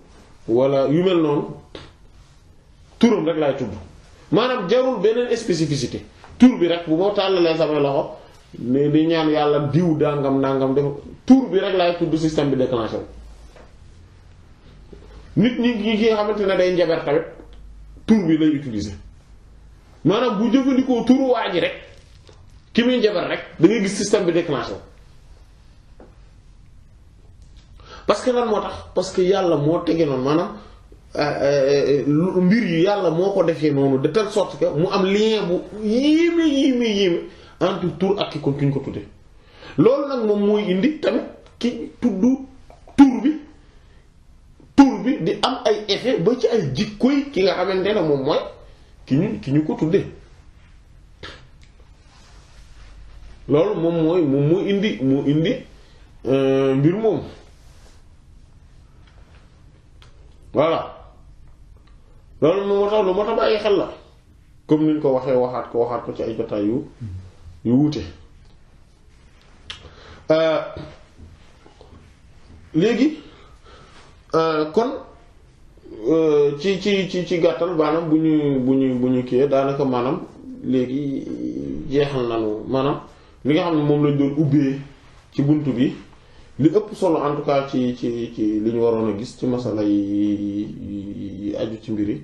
wala yu mel noonu turam rek laay tudd maanaam jarul beneen spécificité. tur bi rek bu ma tàllalee samay loxo ne di ñaan yàlla diw dàngam dàngam def tur bi rek laay tudd système bi déclenché nit ñi ki nga xamante ne day njaber tamit tur bi lay utiliser maanaam bu jëfandikoo turu waa ji rek ki muy njaber rek da ngay gis système bi déclenché parce que lan moo tax parce que yàlla moo tege noonu maanaam Euh, euh, euh, mbir yu yàlla moo ko defee noonu de telle sorte que mu am lien bu yéeme yéeme yéeme entre tur ak ki ko ki loolu nag moom mooy indi ki tudd bi tur bi di am ay effet ba ci ay jikkoy ki nga ñu ko tudde loolu moom mooy moom moo indi moo indi mbir moom voilà loolu moom moo tax lu moo tax bàyyi xel la comme ni ñu ko waxee waxaat ko waxaat ko ci ay jotaay yu yu wuute euh, léegi euh, kon euh, ci ci ci ci gàttal maanaam bu ñu bu ñu bu ñu kiyee daanaka maanaam léegi jeexal nañu maanaam li nga xam ne moom lañ doon ubbee ci bunt bi li ëpp solo en tout cas ci ci ci li ñu waroon a gis ci masala yi aju ci mbir yi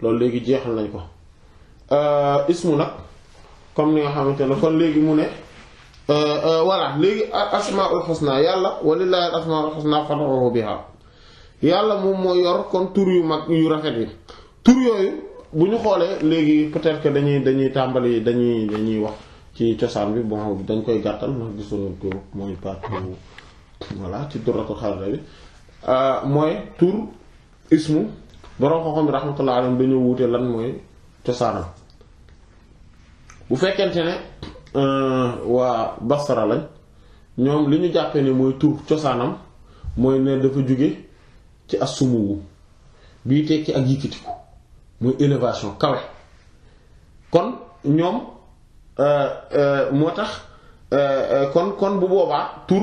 loolu léegi jeexal nañ ko euh, ismu nag comme ni nga xamante ne kon léegi mu ne euh, euh, voilà léegi asmaul xusna yàlla walillahi asmaul xusna fad'uhu biha yàlla moom moo yor kon tur yu mag yu rafet yi tur yooyu bu ñu xoolee léegi peut-être que dañuy dañuy tàmbali dañuy dañuy wax ci cosaan bi bon dañ koy gàttal ndax gisoon ko mooy partie voilà ci durratu xalda bi euh, mooy tur ismu borom xam-xam rahmatullah alayhi lan mooy cosaanam bu fekkente ne euh, waa Basra lañ ñoom li ñu jàppee ne mooy tur cosaanam mooy ne dafa jóge ci assumuwu bii tekki ak yëkkatiku muy élévation kawe kon ñoom euh, moo tax kon kon bu boobaa tur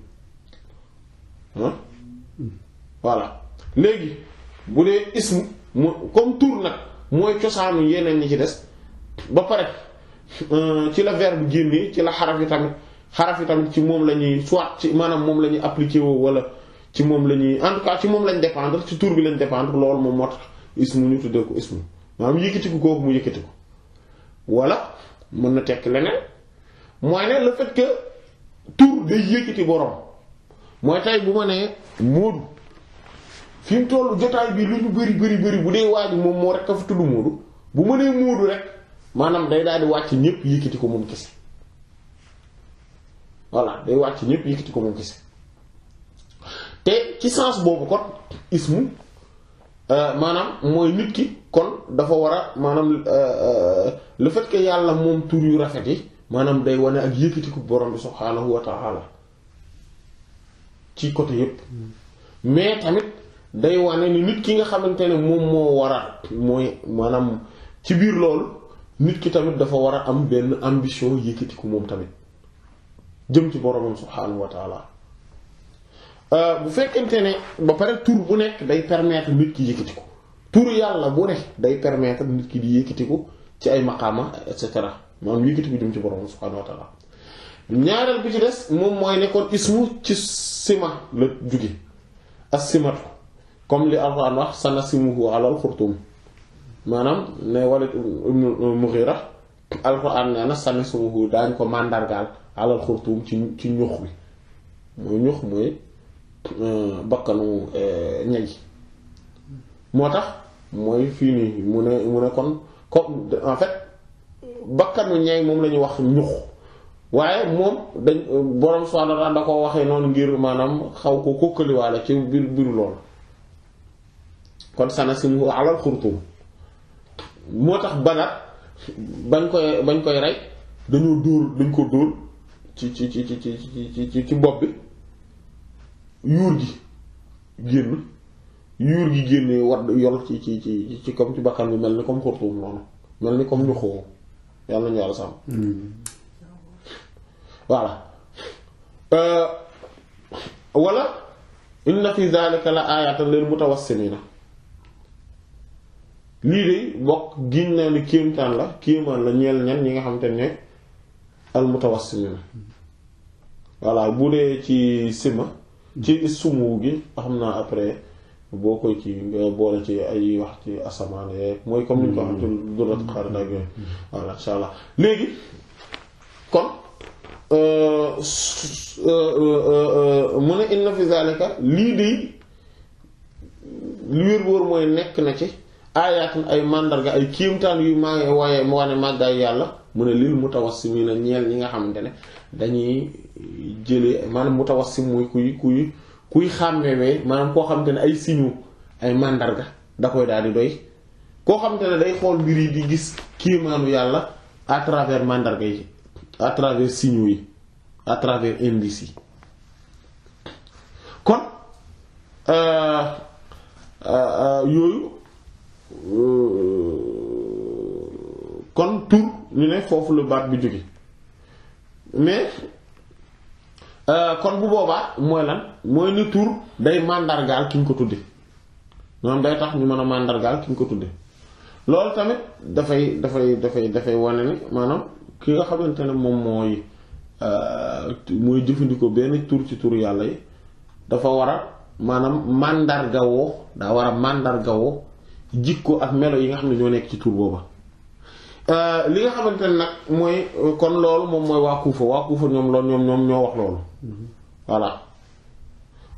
voilà léegi bu dee ism mu comme tur nag mooy cosaanu yeneen ñi ci des ba pare euh, ci la verbe génnee ci la xaraf yi tamit xaraf yi tamit ci moom la ñuy soit ci maanaam moom la ñuy appliquer woo wala ci moom la ñuy en tout cas ci moom lañ dépendre ci tour bi lañ dépendre loolu moom moo tax ismu ñu tuddee ko ismu maanaam yëkkatiku kooku mu yëkkati ko wala mën na tekk leneen mooy ne le fait que tur day yëkkati borom. mooy tey bu ma nee Moodu fi mu toll jotaay bi lu ñu bëri bëri bu dee waa moom moo rek a fi tudd Moodu bu ma nee Moodu rek maanaam day daal di wàcc ñépp yëkkati ko moom ki voilà day wàcc ñépp yëkkati ko moom kese te ci sens boobu kon ismu euh, maanaam mooy nit ki kon dafa war a maanaam euh, euh, le fait yàlla moom tur yu rafet yi maanaam day wane ak yëkkati ko borom bi subhaanahu wa ta'ala ci côté yépp mais tamit day wane ni nit ki nga xamante ne moom moo war a mooy maanaam ci biir loolu nit ki tamit dafa war a am benn ambition yëkkatiku moom tamit jëm ci boromam subhaanahu wa euh, bu fekkente ne ba pare tur bu nekk day permettre nit ki yëkkatiku tur yàlla bu ne day permettre nit ki di yëkkatiku ci ay maqaama et cetera maanaam yëkkatiku jëm ci boromam subhaanahu wa taala ñaareel bi ci des moom mooy nekkoon ismu ci sima la jóge as comme li Alxuraan wax sanasimuhu alal xurtum maanaam ne Walid ibn Mughira Alxuraan nee na sanasimuhu daañ ko màndargaal alal xurtum ci ci ñux bi mooy ñux mooy euh, bakkanu euh, ñay moo tax mooy fii nii mu ne mu ne kon comme en fait bakkanu ñay moom lañuy wax ñux waaye moom dañ borom subhaanahu wa taala waxee noonu ngir maanaam xaw ko kokkaliwaale ci biir biiru lool kon sanasimuhu alal xurtuum moo tax Badar bañ koy bañ koy rey dañoo dóor dañ ko dóor ci ci ci ci ci ci bopp bi yuur gi génn yuur gi génn war yor ci ci ci ci comme ci bakkan bi mel ni comme xurtuum noonu mel ni comme ñu xoo yàlla ñu war voilà euh, wala inna fi zalika la ayatan lil mutawassimina lii de bokk gii naa ni kéemtaan la kéemaan la ñeel ñan ñi nga xam te ne al mutawassimina voilà bu dee ci sima ci sumu gi xam naa après boo koy ci boole ci ay wax ci asamaan mooy comme ni ñu ko xam hmm. te durat xaarida ak yooyu hmm. voilà incha allah léegi mu ne inna fi zalika lii de lu wér wóor mooy nekk na ci aayaatun ay màndarga ay kéemtaan yu maa waaye mu wane màggaay yàlla mu ne lil mutawassimiina ñeel ñi nga xamante ne dañuy jëlee maanaam mutawassim muy kuy kuy kuy xàmmewee maanaam koo xam xamante ne ay signe ay màndarga da koy daal di doy koo xamante ne day xool mbir yi di gis kéemaanu yàlla à travers màndarga yi à travers signaux à travers indices yi kon euh, euh, euh, euh kon tour ñu né fofu le bat bi jóge mais euh kon bu boba moy lan moy ni tour day mandargal ki ñu ko tudde moom day tax ñu mëna mën a màndargaal ki ñu ko tudde loolu tamit dafay dafay dafay dafay wane ne manam ki nga xamante ne moom mooy euh, mooy jëfandikoo benn tur ci tur yàlla yi dafa war a maanaam màndargawoo daa war a màndargawoo jikko ak melo yi nga xam ne ñoo nekk ci tur booba euh, li nga xamante ne nag mooy kon loolu moom mooy waa kuufa waa kuufa ñoom loolu ñoom ñoom ñoo wax loolu voilà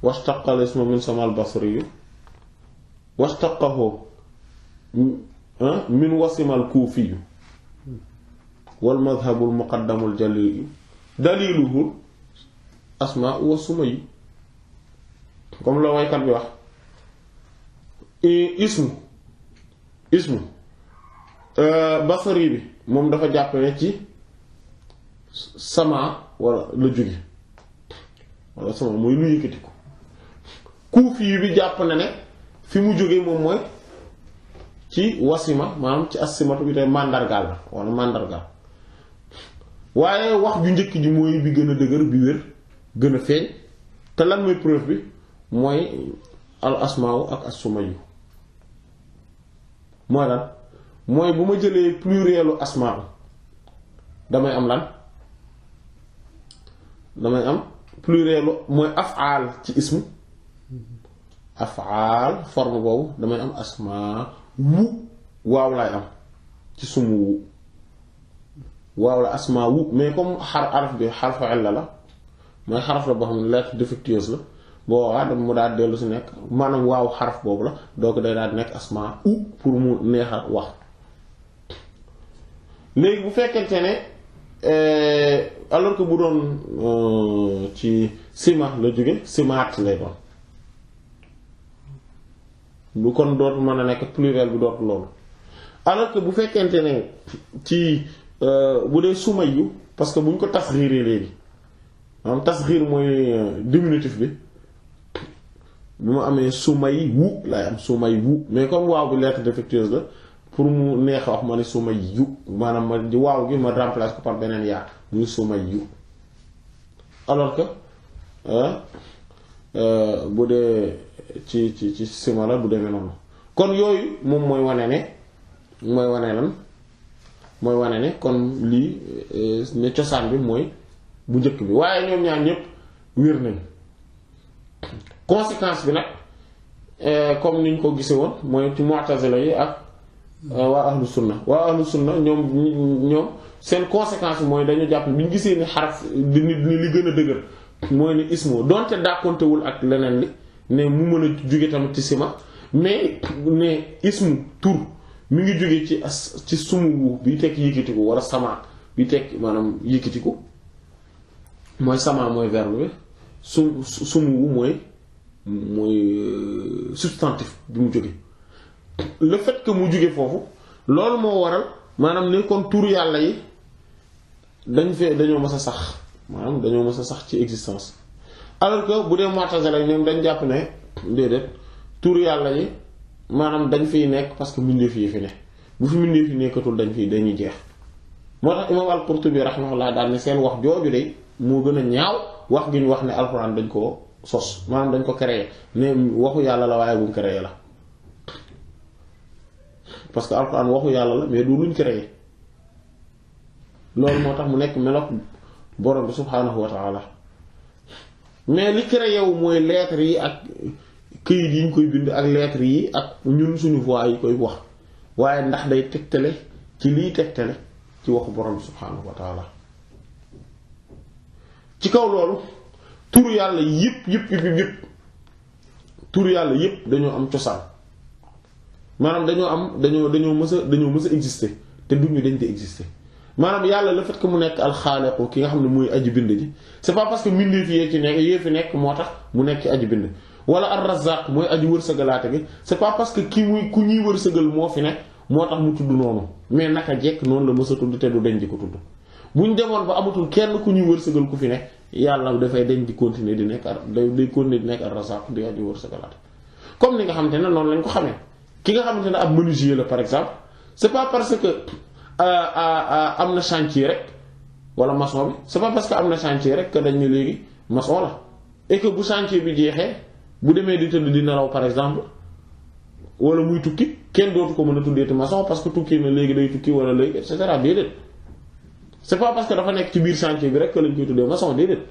wastaqal isma min sama albasri yu wastaqahu hmm, hmm, min wasimal kuufi yu wal madhabul muqaddamul jalilu daliluhu asmaa wa suma yi comme la waykat bi wax ismu ismu euh, basari bi moom dafa jàpp ci sama wala la jóge wala sama mooy lu yëkkati ko kuufi bi jàpp na ne fi mu jóge moom mooy ci wasima maanaam ci assima bi màndargaal la wala màndargaal waaye wax ju njëkk ji mooy bi gën a dëgër bi wér gën a feeñ te lan mooy preuve bi mooy al asmaaw ak assuma mooy lan mooy bu ma jëlee plurielu asmaaw damay am lan damay am plurielu mooy afaal ci ismu afaal forme boobu damay am asmaa wu waaw laay am ci sumu waaw la asmaa wu mais comme xar araf bi xarfu illa la mooy xaraf la boo xam ne lettre défectueuse la boo waaw mu daal dellu si nekk maanaam waaw xaraf boobu la donc day daal nekk asmaa u pour mu neex a wax léegi bu fekkente ne euh, alors bu doon euh, ci sima la jóge simaat lay kon dootu mën a nekk pluriel bi dootu loolu alors bu fekkente ne ci Euh, bu dee sumayyu parce que bu ñu ko tasxiiree léegi maanaam tasxiir mooy euh, diminutif bi bi mu amee sumay wu laay am sumay wu mais comme waaw bi lettre défectueuse la pour mu neex wax ma ne sumay yu maanaam ma di waaw gi ma remplace ko par beneen yaa muy sumay yu alors que euh, bu dee ci ci ci sima la bu demee noonu kon yooyu moom mooy wane ne mooy wane lan mooy wane ne kon lii euh, ne cosaan bi mooy bu njëkk bi waaye ñoom ñaar ñëpp wér nañ conséquence bi nag euh, comme niñ ko gisee woon mooy ci mu'tazila yi ak euh, waa ahlu sunna waa ahlu sunna ñoom ñoom seen conséquence mooy dañu jàpp bi ñu gisee ni xaraf di nit ni li gën a dëgër mooy ni ismo donte dàkkontewul ak leneen li ne mu mën a jóge tamit ci sima mais ne ismu tur mi ngi jógee ci as ci sumubu bi tek yekitiko war sama bi tek manam yekitiko moy sama moy verbe sumu su moy moy euh, substantif bi mu jóge le fait que mu jóge fofu loolu mo waral manam ne kon tur yalla yi dañ fee dañoo mës sax manam dañoo mës sax ci existence alors que bu dee Mu'tazila ñoom dañ japp né déedéet tur yalla yi maanaam dañ fiy nekk parce que mbindeef fi ne bu fi mbindeef yi nekkatul dañ fii dañuy jeex moo tax imaam al-Qurtubi rahimahullah daal ne seen wax jooju de moo gën a ñaaw wax gi ñu wax ne alxuraan dañ koo sos maanaam dañ ko créé ne waxu yàlla la waaye bu mu la parce que alxuraan waxu yàlla la mais du luñ créé loolu moo tax mu nekk melox borom bi subhaanahu wa taala mais li créé wu mooy lettre yi ak këyit yi ñu koy bind ak lettre yi ak ñun suñu voix yi koy wax waaye ndax day tegtale ci liy tegtale ci waxu borom subhaanahu wa taala ci kaw loolu tur yàlla yëpp yëpp yëpp yëpp tur yàlla yëpp dañoo am cosaan maanaam dañoo am dañoo dañoo mës a dañoo mës a exister te duñu dañ te exister maanaam yàlla la fait ko mu nekk alxaaliqu ki nga xam ne muy aji bind ji c'est pas parce que mbindeef yee ci nekk yee fi nekk moo tax mu nekk aji bind wala ar razaq mooy aji wërsëgalaate bi c'est pas parce que ki muy ku ñuy wërsëgal moo fi ne moo tax mu tudd noonu mais naka jekk noonu la mës a tudd te du denc ko tudd buñ demoon ba amatul kenn ku ñuy wërsëgal ku fi ne yàlla dafay denc di continuer di nekk ar day continuer di nekk ar razaq di aji wërsëgalaate comme ni nga xamante ne noonu lañ ko xamee ki nga xamante ne ab menuisier la par exemple c'est pas parce que euh, euh, euh, am na chantier rek wala maçon bi c'est que am na chantier rek dañ ne léegi maçon la et bu chantier bi jeexee. bu demee di tëdd di nelaw par exemple wala muy tukki kenn dootu ko mën a tuddeeti maçon parce que tukki na léegi day tukki wala léegi et cetera déedéet c'est pas parce que dafa nekk ci biir chantier bi rek que lañ koy tuddee maçon déedéet.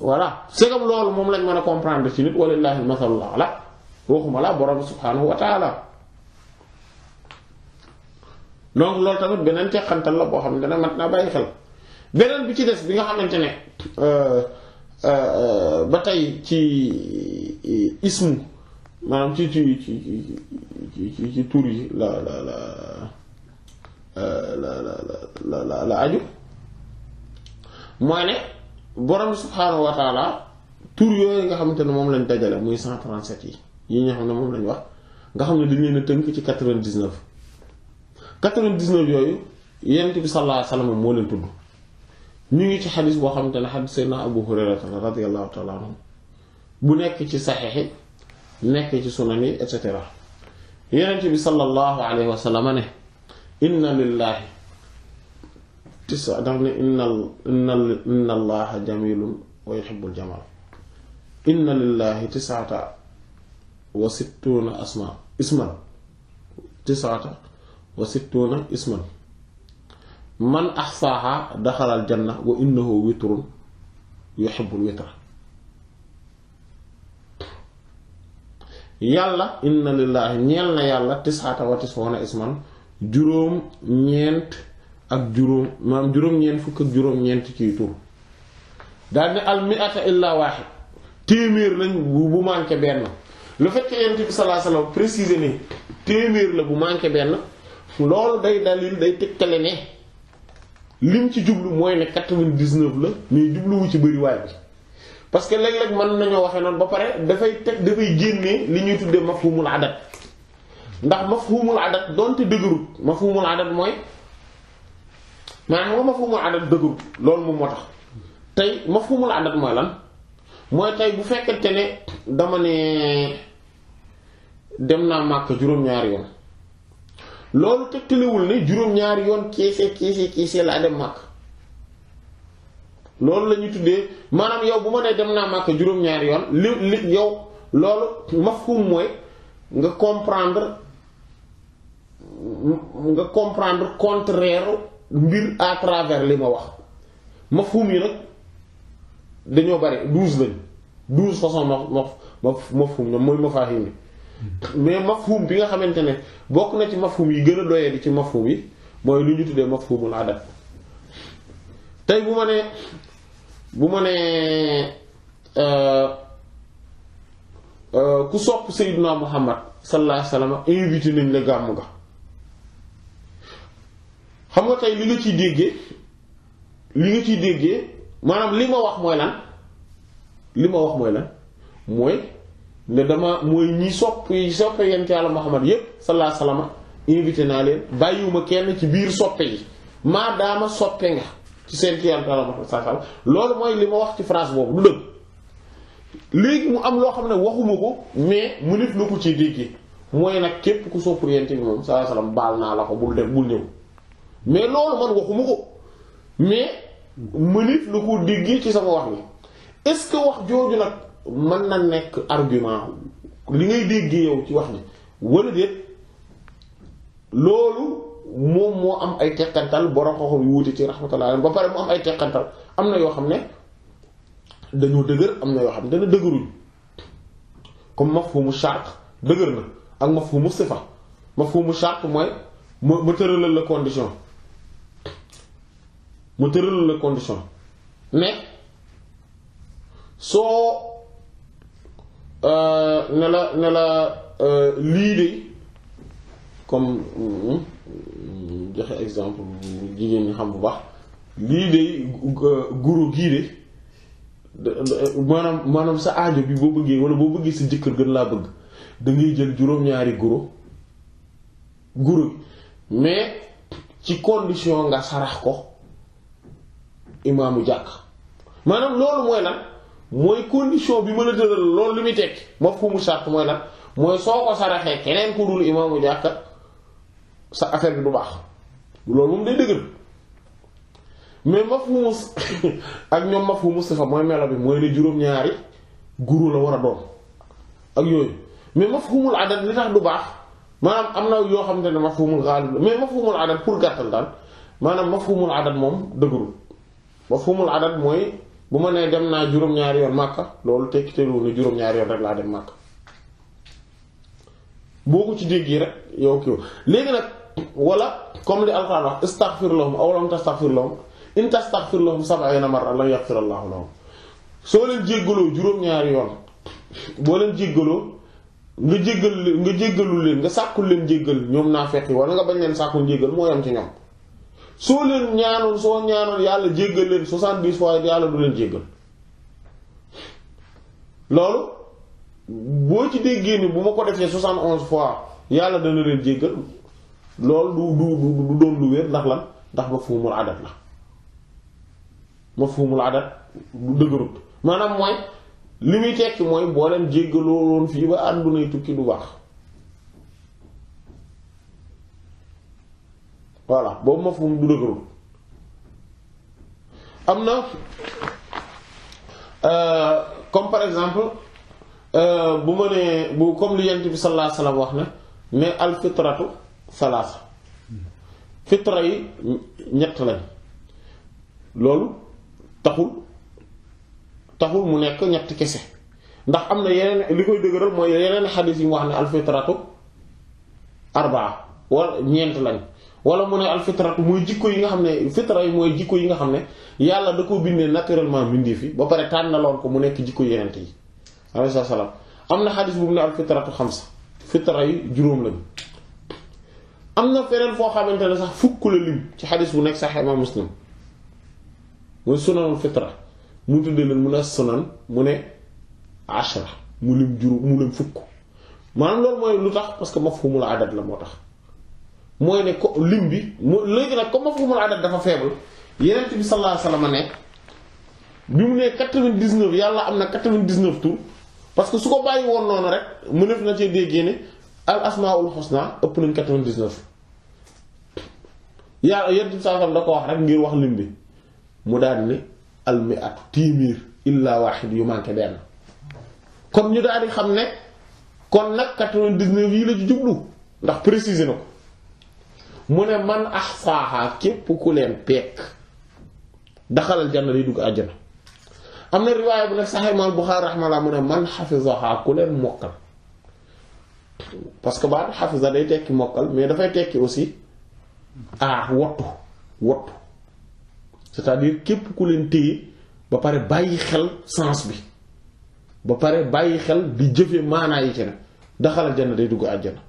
voilà c'est loolu moom lañ mën a comprendre ci nit walillahi masalul ala waxuma la borom subhanahu wa taala donc loolu tamit beneen teqantal la boo xam ne dana mat naa bàyyi xel beneen bi ci des bi nga xamante ne. Euh, Euh, ba tey ci ismu maanaam ci ci ci ci ci tur yi la euh, la la la la la la aju mooy ne borom subhaanahu wa yooyu nga xamante ne moom lañ dajale muy 137 yi yi nga xam ne moom lañ wax nga xam ne dañ leen a tënk ci 99 99 yooyu yonent bi sallallahu alayhi wa sallam moo leen tudd. ñu ngi ci hadith bo xamante ne xadis Seydina Abu hurairah radhiyallahu taala anhu bu nekk ci sahih nekk ci sunan yi et cetera ci bi sallallahu alayhi wa sallam ne inna lillahi tisa daf ne inna inna inna allaha jamilun wa yuhibbul jamal inna lillahi tisata wa sittuna asma isman tisata wa sittuna isman man axsaaha daxalal janna wa innahu witrun yuhibbul witra yàlla inna lillaahi ñeel na yàlla tisaata wa tisfoona isman juróom ñeent ak juróom maanaam juróom-ñeent fukk ak juróom-ñeent ciy tur daal ne al mi'ata téeméer lañ bu manqué benn lu fait que yonent bi sallallahu alayhi wasallam téeméer la bu manqué benn loolu day dalil day tëkkale ne lim ci jublu mooy ne quatre vingt dix la mais jubluwu ci bëriwaay bi parce que léeg-léeg mën nañoo waxee noonu ba pare dafay teg dafay génnee li ñuy tuddee mafhumul adat ndax mafhumul adat donte dëgërut mafhumul adat mooy maanaam mafhumul adat dëgërut loolu moom moo tax tey mafhumul adat mooy lan mooy tey bu fekkente ne dama ne dem naa màkk juróom-ñaari yoon. loolu tëgtaliwul ne juróom-ñaari yoon keese keese keese laa dem màkk loolu la tuddee maanaam yow bu ma nee dem naa màkk juróom-ñaari yoon li li yow loolu mafhum mooy nga comprendre nga comprendre contraire mbir à travers li ma wax mafhum yi nag dañoo bari douze lañ douze façon ma ma mafhum ñoom mooy mafaahim yi mais mafhum bi nga xamante ne bokk na ci mafhum yi gën a doyee di ci mafhum yi mooy lu ñu tuddee mafhumul adab tey bu ma nee bu ma nee euh, euh, ku sopp Seydina Muhammad sallallahu alayhi wasallam invité nañ la gàmm nga xam nga tey li nga ciy déggee li nga ciy déggee maanaam li ma wax mooy lan li ma wax mooy lan mooy ne dama mooy ñi sopp yi soppe ci yàlla Muhammad yépp sallallahu alayhi wasallam invité naa leen bàyyiwuma kenn ci biir soppe yi maa daama soppe nga ci seen ci yent yàlla loolu mooy li ma wax ci phrase boobu du dëgg léegi mu am loo xam ne waxuma ko mais mu nit ko ci déggee mooy nag képp ku sopp yent bi moom sallallahu baal naa la ko bul dem bul ñëw mais loolu man waxuma ko mais mu lu na ko déggee ci sama wax ni est-ce que wax jooju nag mën na nekk argument li ngay déggee yow ci wax ni wala déet loolu moom moo am ay teqantal borom xoxo yu wuute ci rahmatullah ba pare mu am ay teqantal am na yoo xam ne dañoo dëgër am na yoo xam ne dana dëgëruñ comme mafhumu shart dëgër na ak mafhumu sifa mafhumu shart mooy ma ma tëralal la condition ma tëralal la condition mais soo Euh, ne la ne la euh, lii de comme euh, joxe exemple jigéen ñi xam bu baax lii de guro gii de maanaam maanaam sa aajo bi boo bëggee wala boo bëggee sa jëkkër gën laa bëgg da jël juróom-ñaari guro guro mais ci condition nga sarax ko imaamu jàkk maanaam loolu mooy lan mooy condition bi mën a tëral loolu li muy tekki mafhumu shart mooy lan mooy soo ko saraxee keneen ku dul imaamu jàkka sa affaire bi du baax loolu moom day dëggal mais mafhumu ak ñoom mafhumu mooy melo bi mooy ne juróom-ñaari guru la war a doon ak yooyu mais mafhumul adad li tax du baax maanaam am na yoo xam ne mafhumul ghalib la mais mafhumul adad pour gàttal daal maanaam mafhumul adad moom dëgërul mafhumul adad mooy. bu ma nee dem naa juróom-ñaari yoon màkka loolu tekki teelul ne juróom-ñaari yoon rek laa dem màkka boo ko ci jéggi rek yow kii léegi nag wala comme li alxuraan wax istaghfir lahum aw lam tastaghfir lahum in tastaghfir lahum sab'iina marra lan yaghfir soo leen jéggaloo juróom-ñaari yoon boo leen jéggaloo nga jéggal nga jéggalul leen nga sàkkul leen jéggal ñoom naa fekk wala nga bañ leen sàkkul jéggal moo yam ci ñoom soo leen ñaanoon soo ñaanoon yàlla jéggal leen soixante-dix fois yàlla du leen jéggal loolu boo ci déggee ni bu ma ko defee soixante-onze fois yàlla dana leen jéggal loolu du du du doon lu wér ndax lan ndax mafhumul adat la mafhumul adat du dëgërut maanaam mooy li muy tekki mooy boo leen jéggalooloon fii ba àddunay tukki du baax voilà boobu mafhum du dëgëru am na euh, comme par exemple euh, bu ma nee bu comme li yent bi sallallahu alayhi wasallam wax na ne al fitratu salaasa fitra yi ñett lañ loolu taxul taxul mu nekk ñett kese ndax am na yeneen li koy dëgëral mooy yeneen xadiis yi mu wax ne al fitratu arbaa wala ñeent lañ wala mu ne al fitratu moy jikko yi nga xamne fitra yi mooy jikko yi nga xamne yàlla da ko bindé naturellement bindee fi ba pare tan na tànnaloon ko mu nek jikko yeneen yi alayhi sallam amna hadith bu mu ne al fitratu khamsa fitra yi juróom la amna feral fo xamantene sax fukk la lim ci hadith bu nek Sahih Imam Muslim mooy sunanul fitra mu tuddé leen mu ne sunan mu ne ashra mu lim juróom mu lim fukk manam loolu moy lutax parce que mafhumul adad la motax moy ne ko limbi legui nak léegi nag mul mafhumul adad dafa faible yenent bi sallallahu alayhi wasallam ne bimu ne 99 yàlla amna 99 tur parce que suko bàyyi won non rek mu nekk na ci déggee ne al asmaul husna ëpp nañ 99 ya yenent bi sallallahu alayhi wasallam da ko wax rek ngir wax lim mu daal di al mi'at timir illa wahid yu manqué benn kon ñu daali xamne kon nak 99 yi la ci djublu ndax précisé nako mu ne man ahsaaha képp ku leen pekk daxalal janna day dugg àjjana am na riwaaya bu nekk Sahih Imaam Buxaari rahimahullah mu ne man hafizaha ku leen mokkal parce que baat hafiza day tekki mokkal mais dafay tekki aussi ah wattu wattu c'est-à-dire képp ku leen téye ba pare bàyyi xel sens bi ba pare bàyyi xel bi jëfe maanaa yi ci ne daxalal janna day dugg àjjana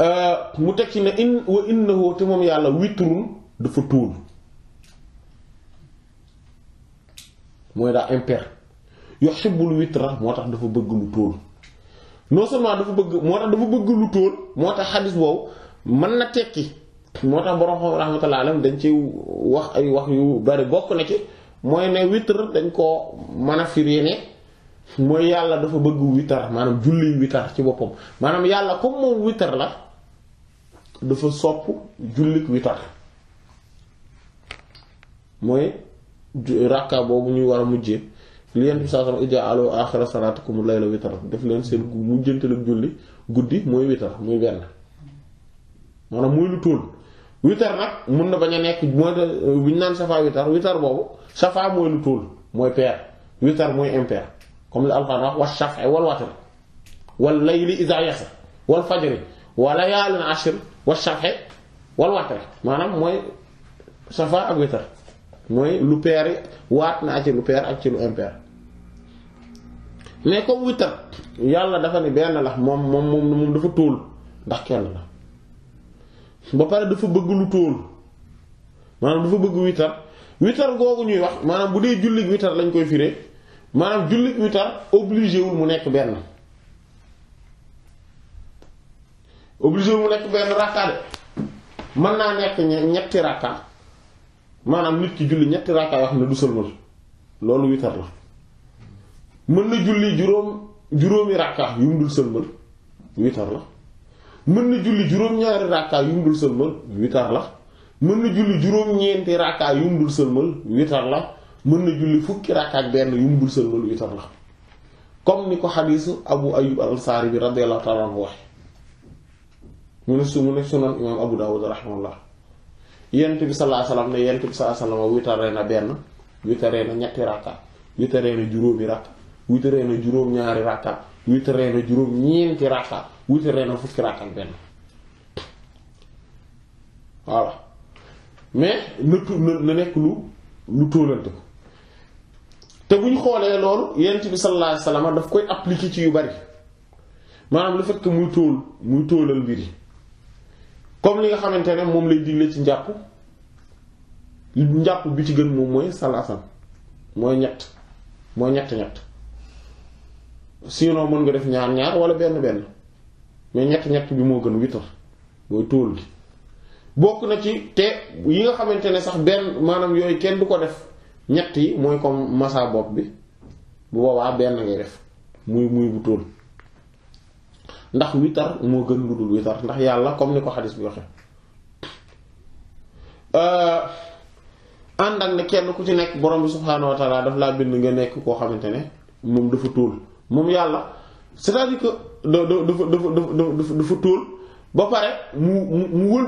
Euh, mu teg ci ne in wa innahu te moom yàlla witrun dafa tuur mooy daa impair yuhibbul witra moo tax dafa bëgg lu tóol non seulement dafa bëgg moo tax dafa bëgg lu tóol moo tax xadis boobu mën na tekki moo tax borom xam rahmatullah alam dañ ci wax ay wax yu bari bokk na ci mooy ne witr dañ koo mën a firi mooy yàlla dafa bëgg witar maanaam julli witar ci boppam maanaam yàlla comme moom witar la dafa sopp jullit witar mooy ràkka boobu ñuy war a mujjee li yent bi saasam ija alo axira salaatikum layla witar def leen seen mujjantal ak julli guddi mooy witar muy benn maanaam muy lu tóol witar nag mun na bañ a nekk mooy bu ñu naan safa witar witar boobu safa mooy lu tóol mooy pair witar mooy impair comme li alxuraan wax wa shafa'i wal watar wal layli iza yasa wal fajri wa layaalin ashr wa safhi wal watr maanaam mooy safa ak witar mooy lu peeri waat na ci lu peer ak ci lu impair mais comme witar yàlla dafa ne benn la moom moom moom moom dafa tóol ndax kenn la ba pare dafa bëgg lu tóol maanaam dafa bëgg witar witar googu ñuy wax maanaam bu dee jullit witar lañ koy firé maanaam jullit witar obligé wul mu nekk benn obligé mu nekk benn rakka de mën naa nekk ñetti rakka maanaam nit ki julli ñetti rakka yoo xam ne du sëlmal loolu witar la mën na julli juróom juróomi rakka yu mu dul sëlmal la mën na julli juróom-ñaari rakka yu mu dul sëlmal witar la mën na julli juróom-ñeenti yu mu dul sëlmal witar la mën na julli fukki rakka ak benn yu mu dul sëlmal witar la comme ni ko xadiisu Abu Ayyub al-Ansari bi radiyallahu ta'ala anhu wax mu ne su mu imaam Abu Dawud rahimahullah yent bi salaa salaam ne yent bi salaa salaam na benn witaree na ñetti rakka witaree na juróomi rakka witaree na juróom-ñaari rakka witaree na juróom-ñeenti rakka witaree na fukki rakka benn voilà mais na tu na nekk lu lu tóolante ko te bu xoolee loolu yent bi salaa salaam daf koy appliquer ci yu bari maanaam lu fekk que muy tóol muy tóolal mbir yi comme li nga xamante ne moom lay digle ci njàpp njàpp bi ci gën moom mooy salaasan mooy ñett mooy ñett ñett sinon mën nga def ñaar ñaar wala benn benn mais ñett ñett bi moo gën witr mooy tóol gi bokk na ci te yi nga xamante ne sax benn maanaam yooyu kenn du ko def ñett yi mooy comme massa bopp bi bu boobaa benn ngay def muy muy bu tóol ndax witar moo gën lu dul ndax yàlla comme ni ko xalis bi waxe euh, ànd ak kenn ku ci nekk borom bi subhaanahu daf laa bind nga nekk koo xamante ne moom dafa tóol moom yàlla c'est-à-dire que dafa dafa dafa dafa tóol ba pare mu mu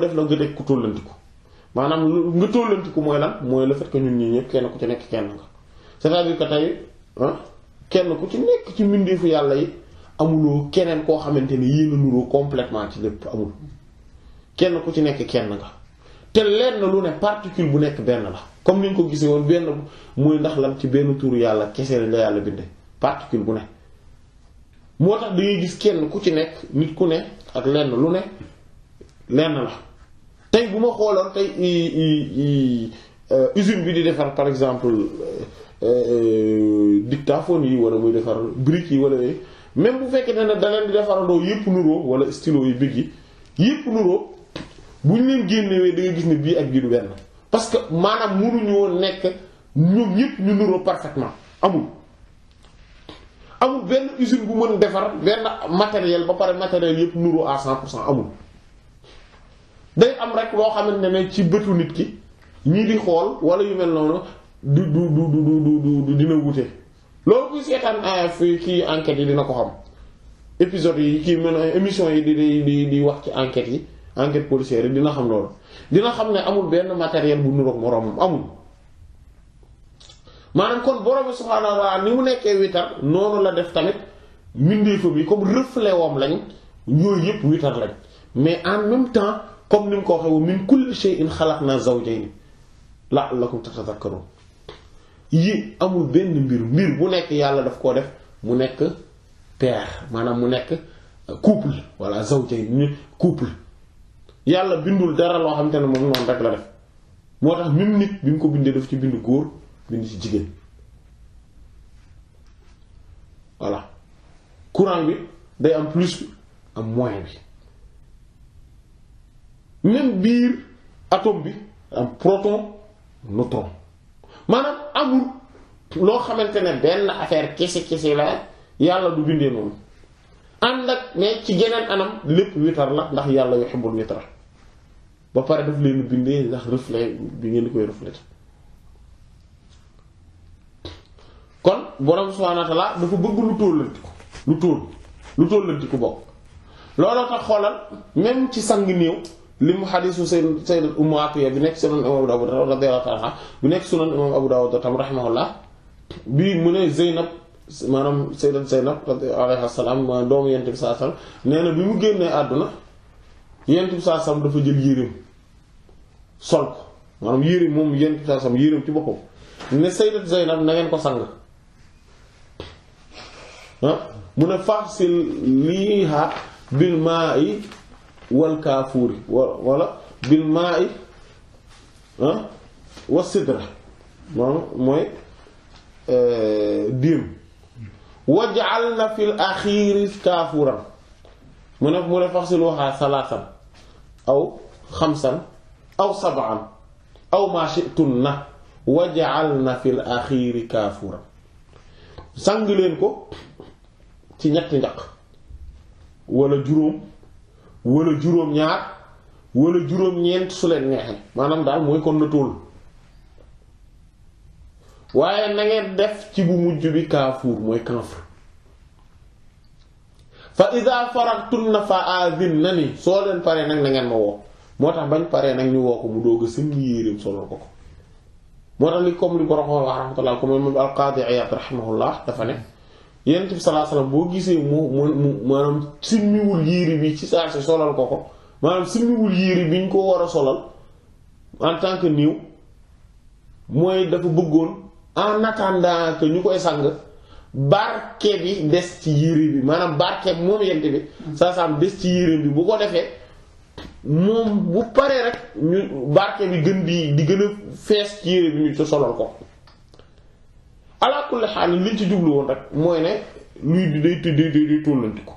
def ku tóolantiku maanaam nga tóolantiku mooy lan mooy le kenn ku ci nekk kenn nga cest à tey kenn ku ci nekk ci mbindeefu yàlla yi. amuloo keneen koo xamante ni yéen a nuroo ci lépp amul kenn ku ci nekk kenn nga te lenn lu ne particule bu nekk benn la comme ni ñu ko gisee woon benn muy ndax lan ci benn tur yàlla kese yàlla bindee particule bu ne moo tax gis kenn ku ci nekk nit ku ne ak lenn lu ne lenn la tey bu ma xooloon tey euh, usine bi di defar par exemple euh, euh, dictaphone yi wala muy defar brique yi wala même bu fekkee ne da leen di defarandoo yépp nuroo wala stylo yu big yi yépp nuroo bu ñu leen génnewee da gis ne bii ak bii du benn parce que maanaam mënuñoo nekk ñoom ñépp ñu nuroo parfaitement amul. amul benn usine bu mën defar benn matériel ba pare matériel yépp nuroo à 100 pour amul day am rek loo xamante ne ci bëtu nit ki ñii di xool wala yu mel noonu du du du du du du dina wute. loolu kuy seetaan AF kii enquêtes yi dina ko xam épisodes yi kii mën émission yi di di di wax ci enquêtes yi enquête policière yi dina xam loolu dina xam ne amul benn matériel bu nuroog moroomam amul maanaam kon borom subhaanahu wa ta'aala ni mu nekkee witar noonu la def tamit mbindeefam yi comme reflet woom lañ yooyu yëpp witar lañ mais en même temps comme ni mu ko waxee wa min la shay'in xalaqnaa zawjayni la'allakum tatadhakkarun yi amul benn mbir mbir bu nekk yàlla daf koo def mu nekk paire maanaam mu nekk couple walla zawjayn ñu couple yàlla bindul dara loo xamante ne moom noonu rek la def moo tax même nit bi mu ko bindee daf ci bind góor bind ci jigéen voilà courant bi day am plus bi am moins bi même biir atome bi am proton neutron maanaam amul loo xamante ne benn affaire kese kese la yàlla du bindee noonu ànd ak mais ci geneen anam lépp witar la ndax yàlla yuhibbul witar ba pare daf leen bindee ndax reflet bi ngeen di koy refléter kon borom subhaanahu wa ta'aala dafa bëgg lu tóollanti ko lu tóol lu tóollanti ko bokk looloo tax xoolal même ci sang néew. li mu xadiisu sayyid sayyidat Ummu Atiya bi nekk sunan imam Abu Dawud radiyallahu ta'ala anha bi nekk sunan imam Abu Dawud tam mu ne Zeynab maanaam sayyidat Zeynab alayha salaam ma doomu yent bi saa sallam nee na bi mu génnee àdduna yent bi saa sallam dafa jël yéreem sol ko maanaam yéreem moom yent saa sallam yéreem ci boppam ne sayyidat Zeynab na ngeen ko sang ah, mu ne faxsil liihaa bil maa'i wal kaafuuri wala bil maa'i wa sidra moom mooy diim waj'alna fil axiiri kaafuuran mu ne mu ne faxsiluhaa salaasan aw xamsan aw sab'an aw maa shi'tunna waj'alna fil axiiri kaafuuran sang leen ko ci ñetti njaq wala juróom wala juróom-ñaar wala juróom-ñeent su leen neexee maanaam daal mooy kon na tóol waaye na def ci bu mujj bi kaafuur mooy kanfre fa iza na fa azinnani soo leen paree nag na ngeen ma woo moo tax bañ paree nag ñu woo ko mu doog a sëñ yéreem solol ko ko moo tax li comme li borom wax rahmatullah comme al qaadi Iyaad rahimahullah dafa ne yonent bi boo gisee mu mu mu maanaam simmiwul yére bi ci saa si solal ko ko maanaam simmiwul yére bi ñu ko war a solal en tant que niiw mooy dafa bëggoon en attendant que ñu koy sang barke bi des ci yére bi maanaam barke bi moom yent bi saa saam des ci yére bi bu ko defee moom bu paree rek ñu barke bi gën di di gën a fees ci yére bi ñu ci solal ko ala kulli liñ ci jublu woon rek mooy ne luy day day day tóllanti ko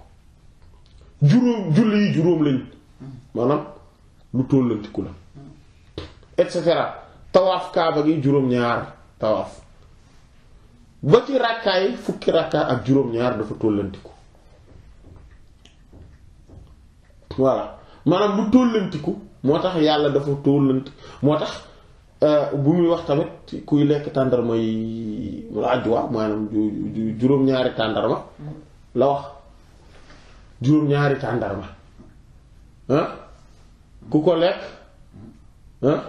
juróom julli yi juróom lañ maanaam lu tóllantiku la et cetera tawaaf kaaba gi juróom-ñaar tawaaf ba ci ràkkaay fukki ràkkaa ak juróom-ñaar dafa tóllantiku voilà maanaam lu tóllantiku moo tax yàlla dafa tóllanti moo tax Euh, bu muy wax tamit kuy lekk tàndarma yi ajwa maanaam juróom-ñaari tàndarma la wax juróom-ñaari tàndarma ah ku ko lekk ah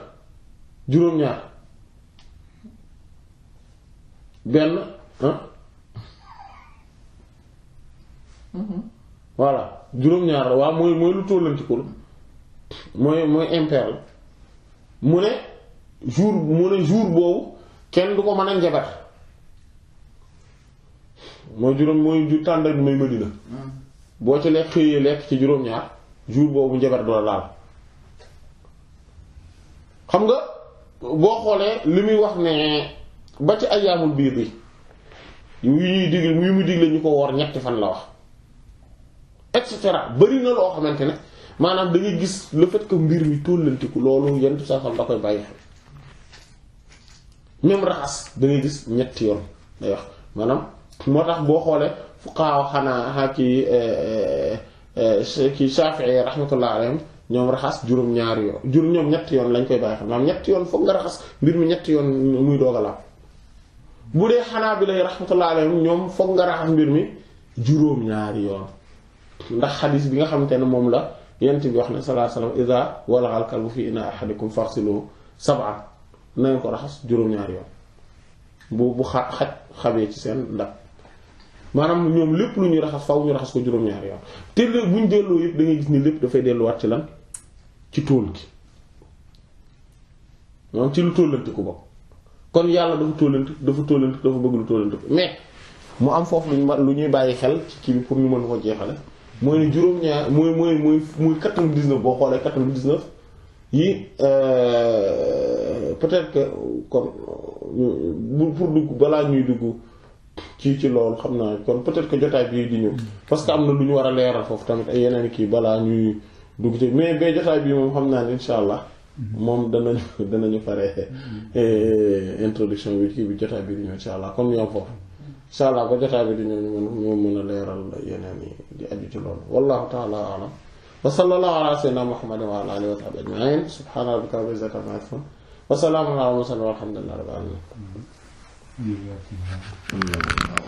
juróom-ñaar benn ah voilà juróom-ñaar la waaw mooy mooy lu tóllantikool mooy mooy impair mu ne jour mu ne jour boobu kenn du ko mën a njabar mooy juróom mooy ju tàndar bi may Madina hmm. boo ci lekk xëyee lekk ci juróom-ñaar jour boobu njabar du la laal xam nga boo xoolee li muy wax ne ba ci ayyaamul biir bi yu ñuy digle yu muy digle ñu ko woor ñetti fan la wax et cetera bari na loo xamante ne maanaam da gis le fait que mbir mi tóllantiku loolu yenn sa xam da koy bàyyi xel même raxas da ngay gis ñetti yoon day wax maanaam moo tax boo xoolee fuqaaw xanaa kii eh, eh, eh, kii Shafi'i rahmatullah alayhim ñoom raxas juróom-ñaari yoon jur ñoom ñetti yoon lañ koy bàyyi xam ñetti yoon foog nga raxas mbir mi ñetti yoon muy doog a laab bu dee xanaa bi lay rahmatullah alayhim ñoom foog nga raxas mbir mi juróom-ñaari yoon ndax xadis bi nga xamante ne moom la yent bi wax ne sallallahu alayhi wasallam iza walagal kalbu fi ina ahadikum farsiluhu sab'an na ko raxas juróom-ñaari yoon bu xa xaj xamee ci seen ndab maanaam ñoom lépp lu ñuy raxas faw ñu raxas ko juróom-ñaari yoon te bu ñu delloo yëpp da gis ni lépp dafay delluwaat ci lan ci tóol gi moom ci lu tóolante ku bokk kon yàlla dafa tóolante dafa tóolante dafa bëgg lu tóolante mais mu am foofu luñ lu ñuy bàyyi xel ci kii pour ñu mën ko jeexale mooy ne juróom-ñaar mooy mooy mooy mooy quatre vingt dix boo xoolee quatre vingt dix yi euh, peut-être que kon pour dugg balaa ñuy dugg ci ci loolu xam naa kon peut-être que jotaay bii di ñëw parce que am na lu ñu war a leeral foofu tamit ay yeneen kii balaa ñuy dugg ci mais ba jotaay bii moom xam naa ne incha allah mm-hmm. moom danañu danañu pare mm-hmm. eh, introduction bi kii bi jotaay bi di ñëw incha allah kon ñoom foofu mm-hmm. incha allah ba jotaay bi di ñëw ñu mën ñu mën a leeral yeneen yi di aju ci loolu wallahu taala alam وصلى الله على سيدنا محمد وعلى اله وصحبه اجمعين سبحان ربك رب العزه عما يصفون وسلام على المرسلين والحمد لله رب العالمين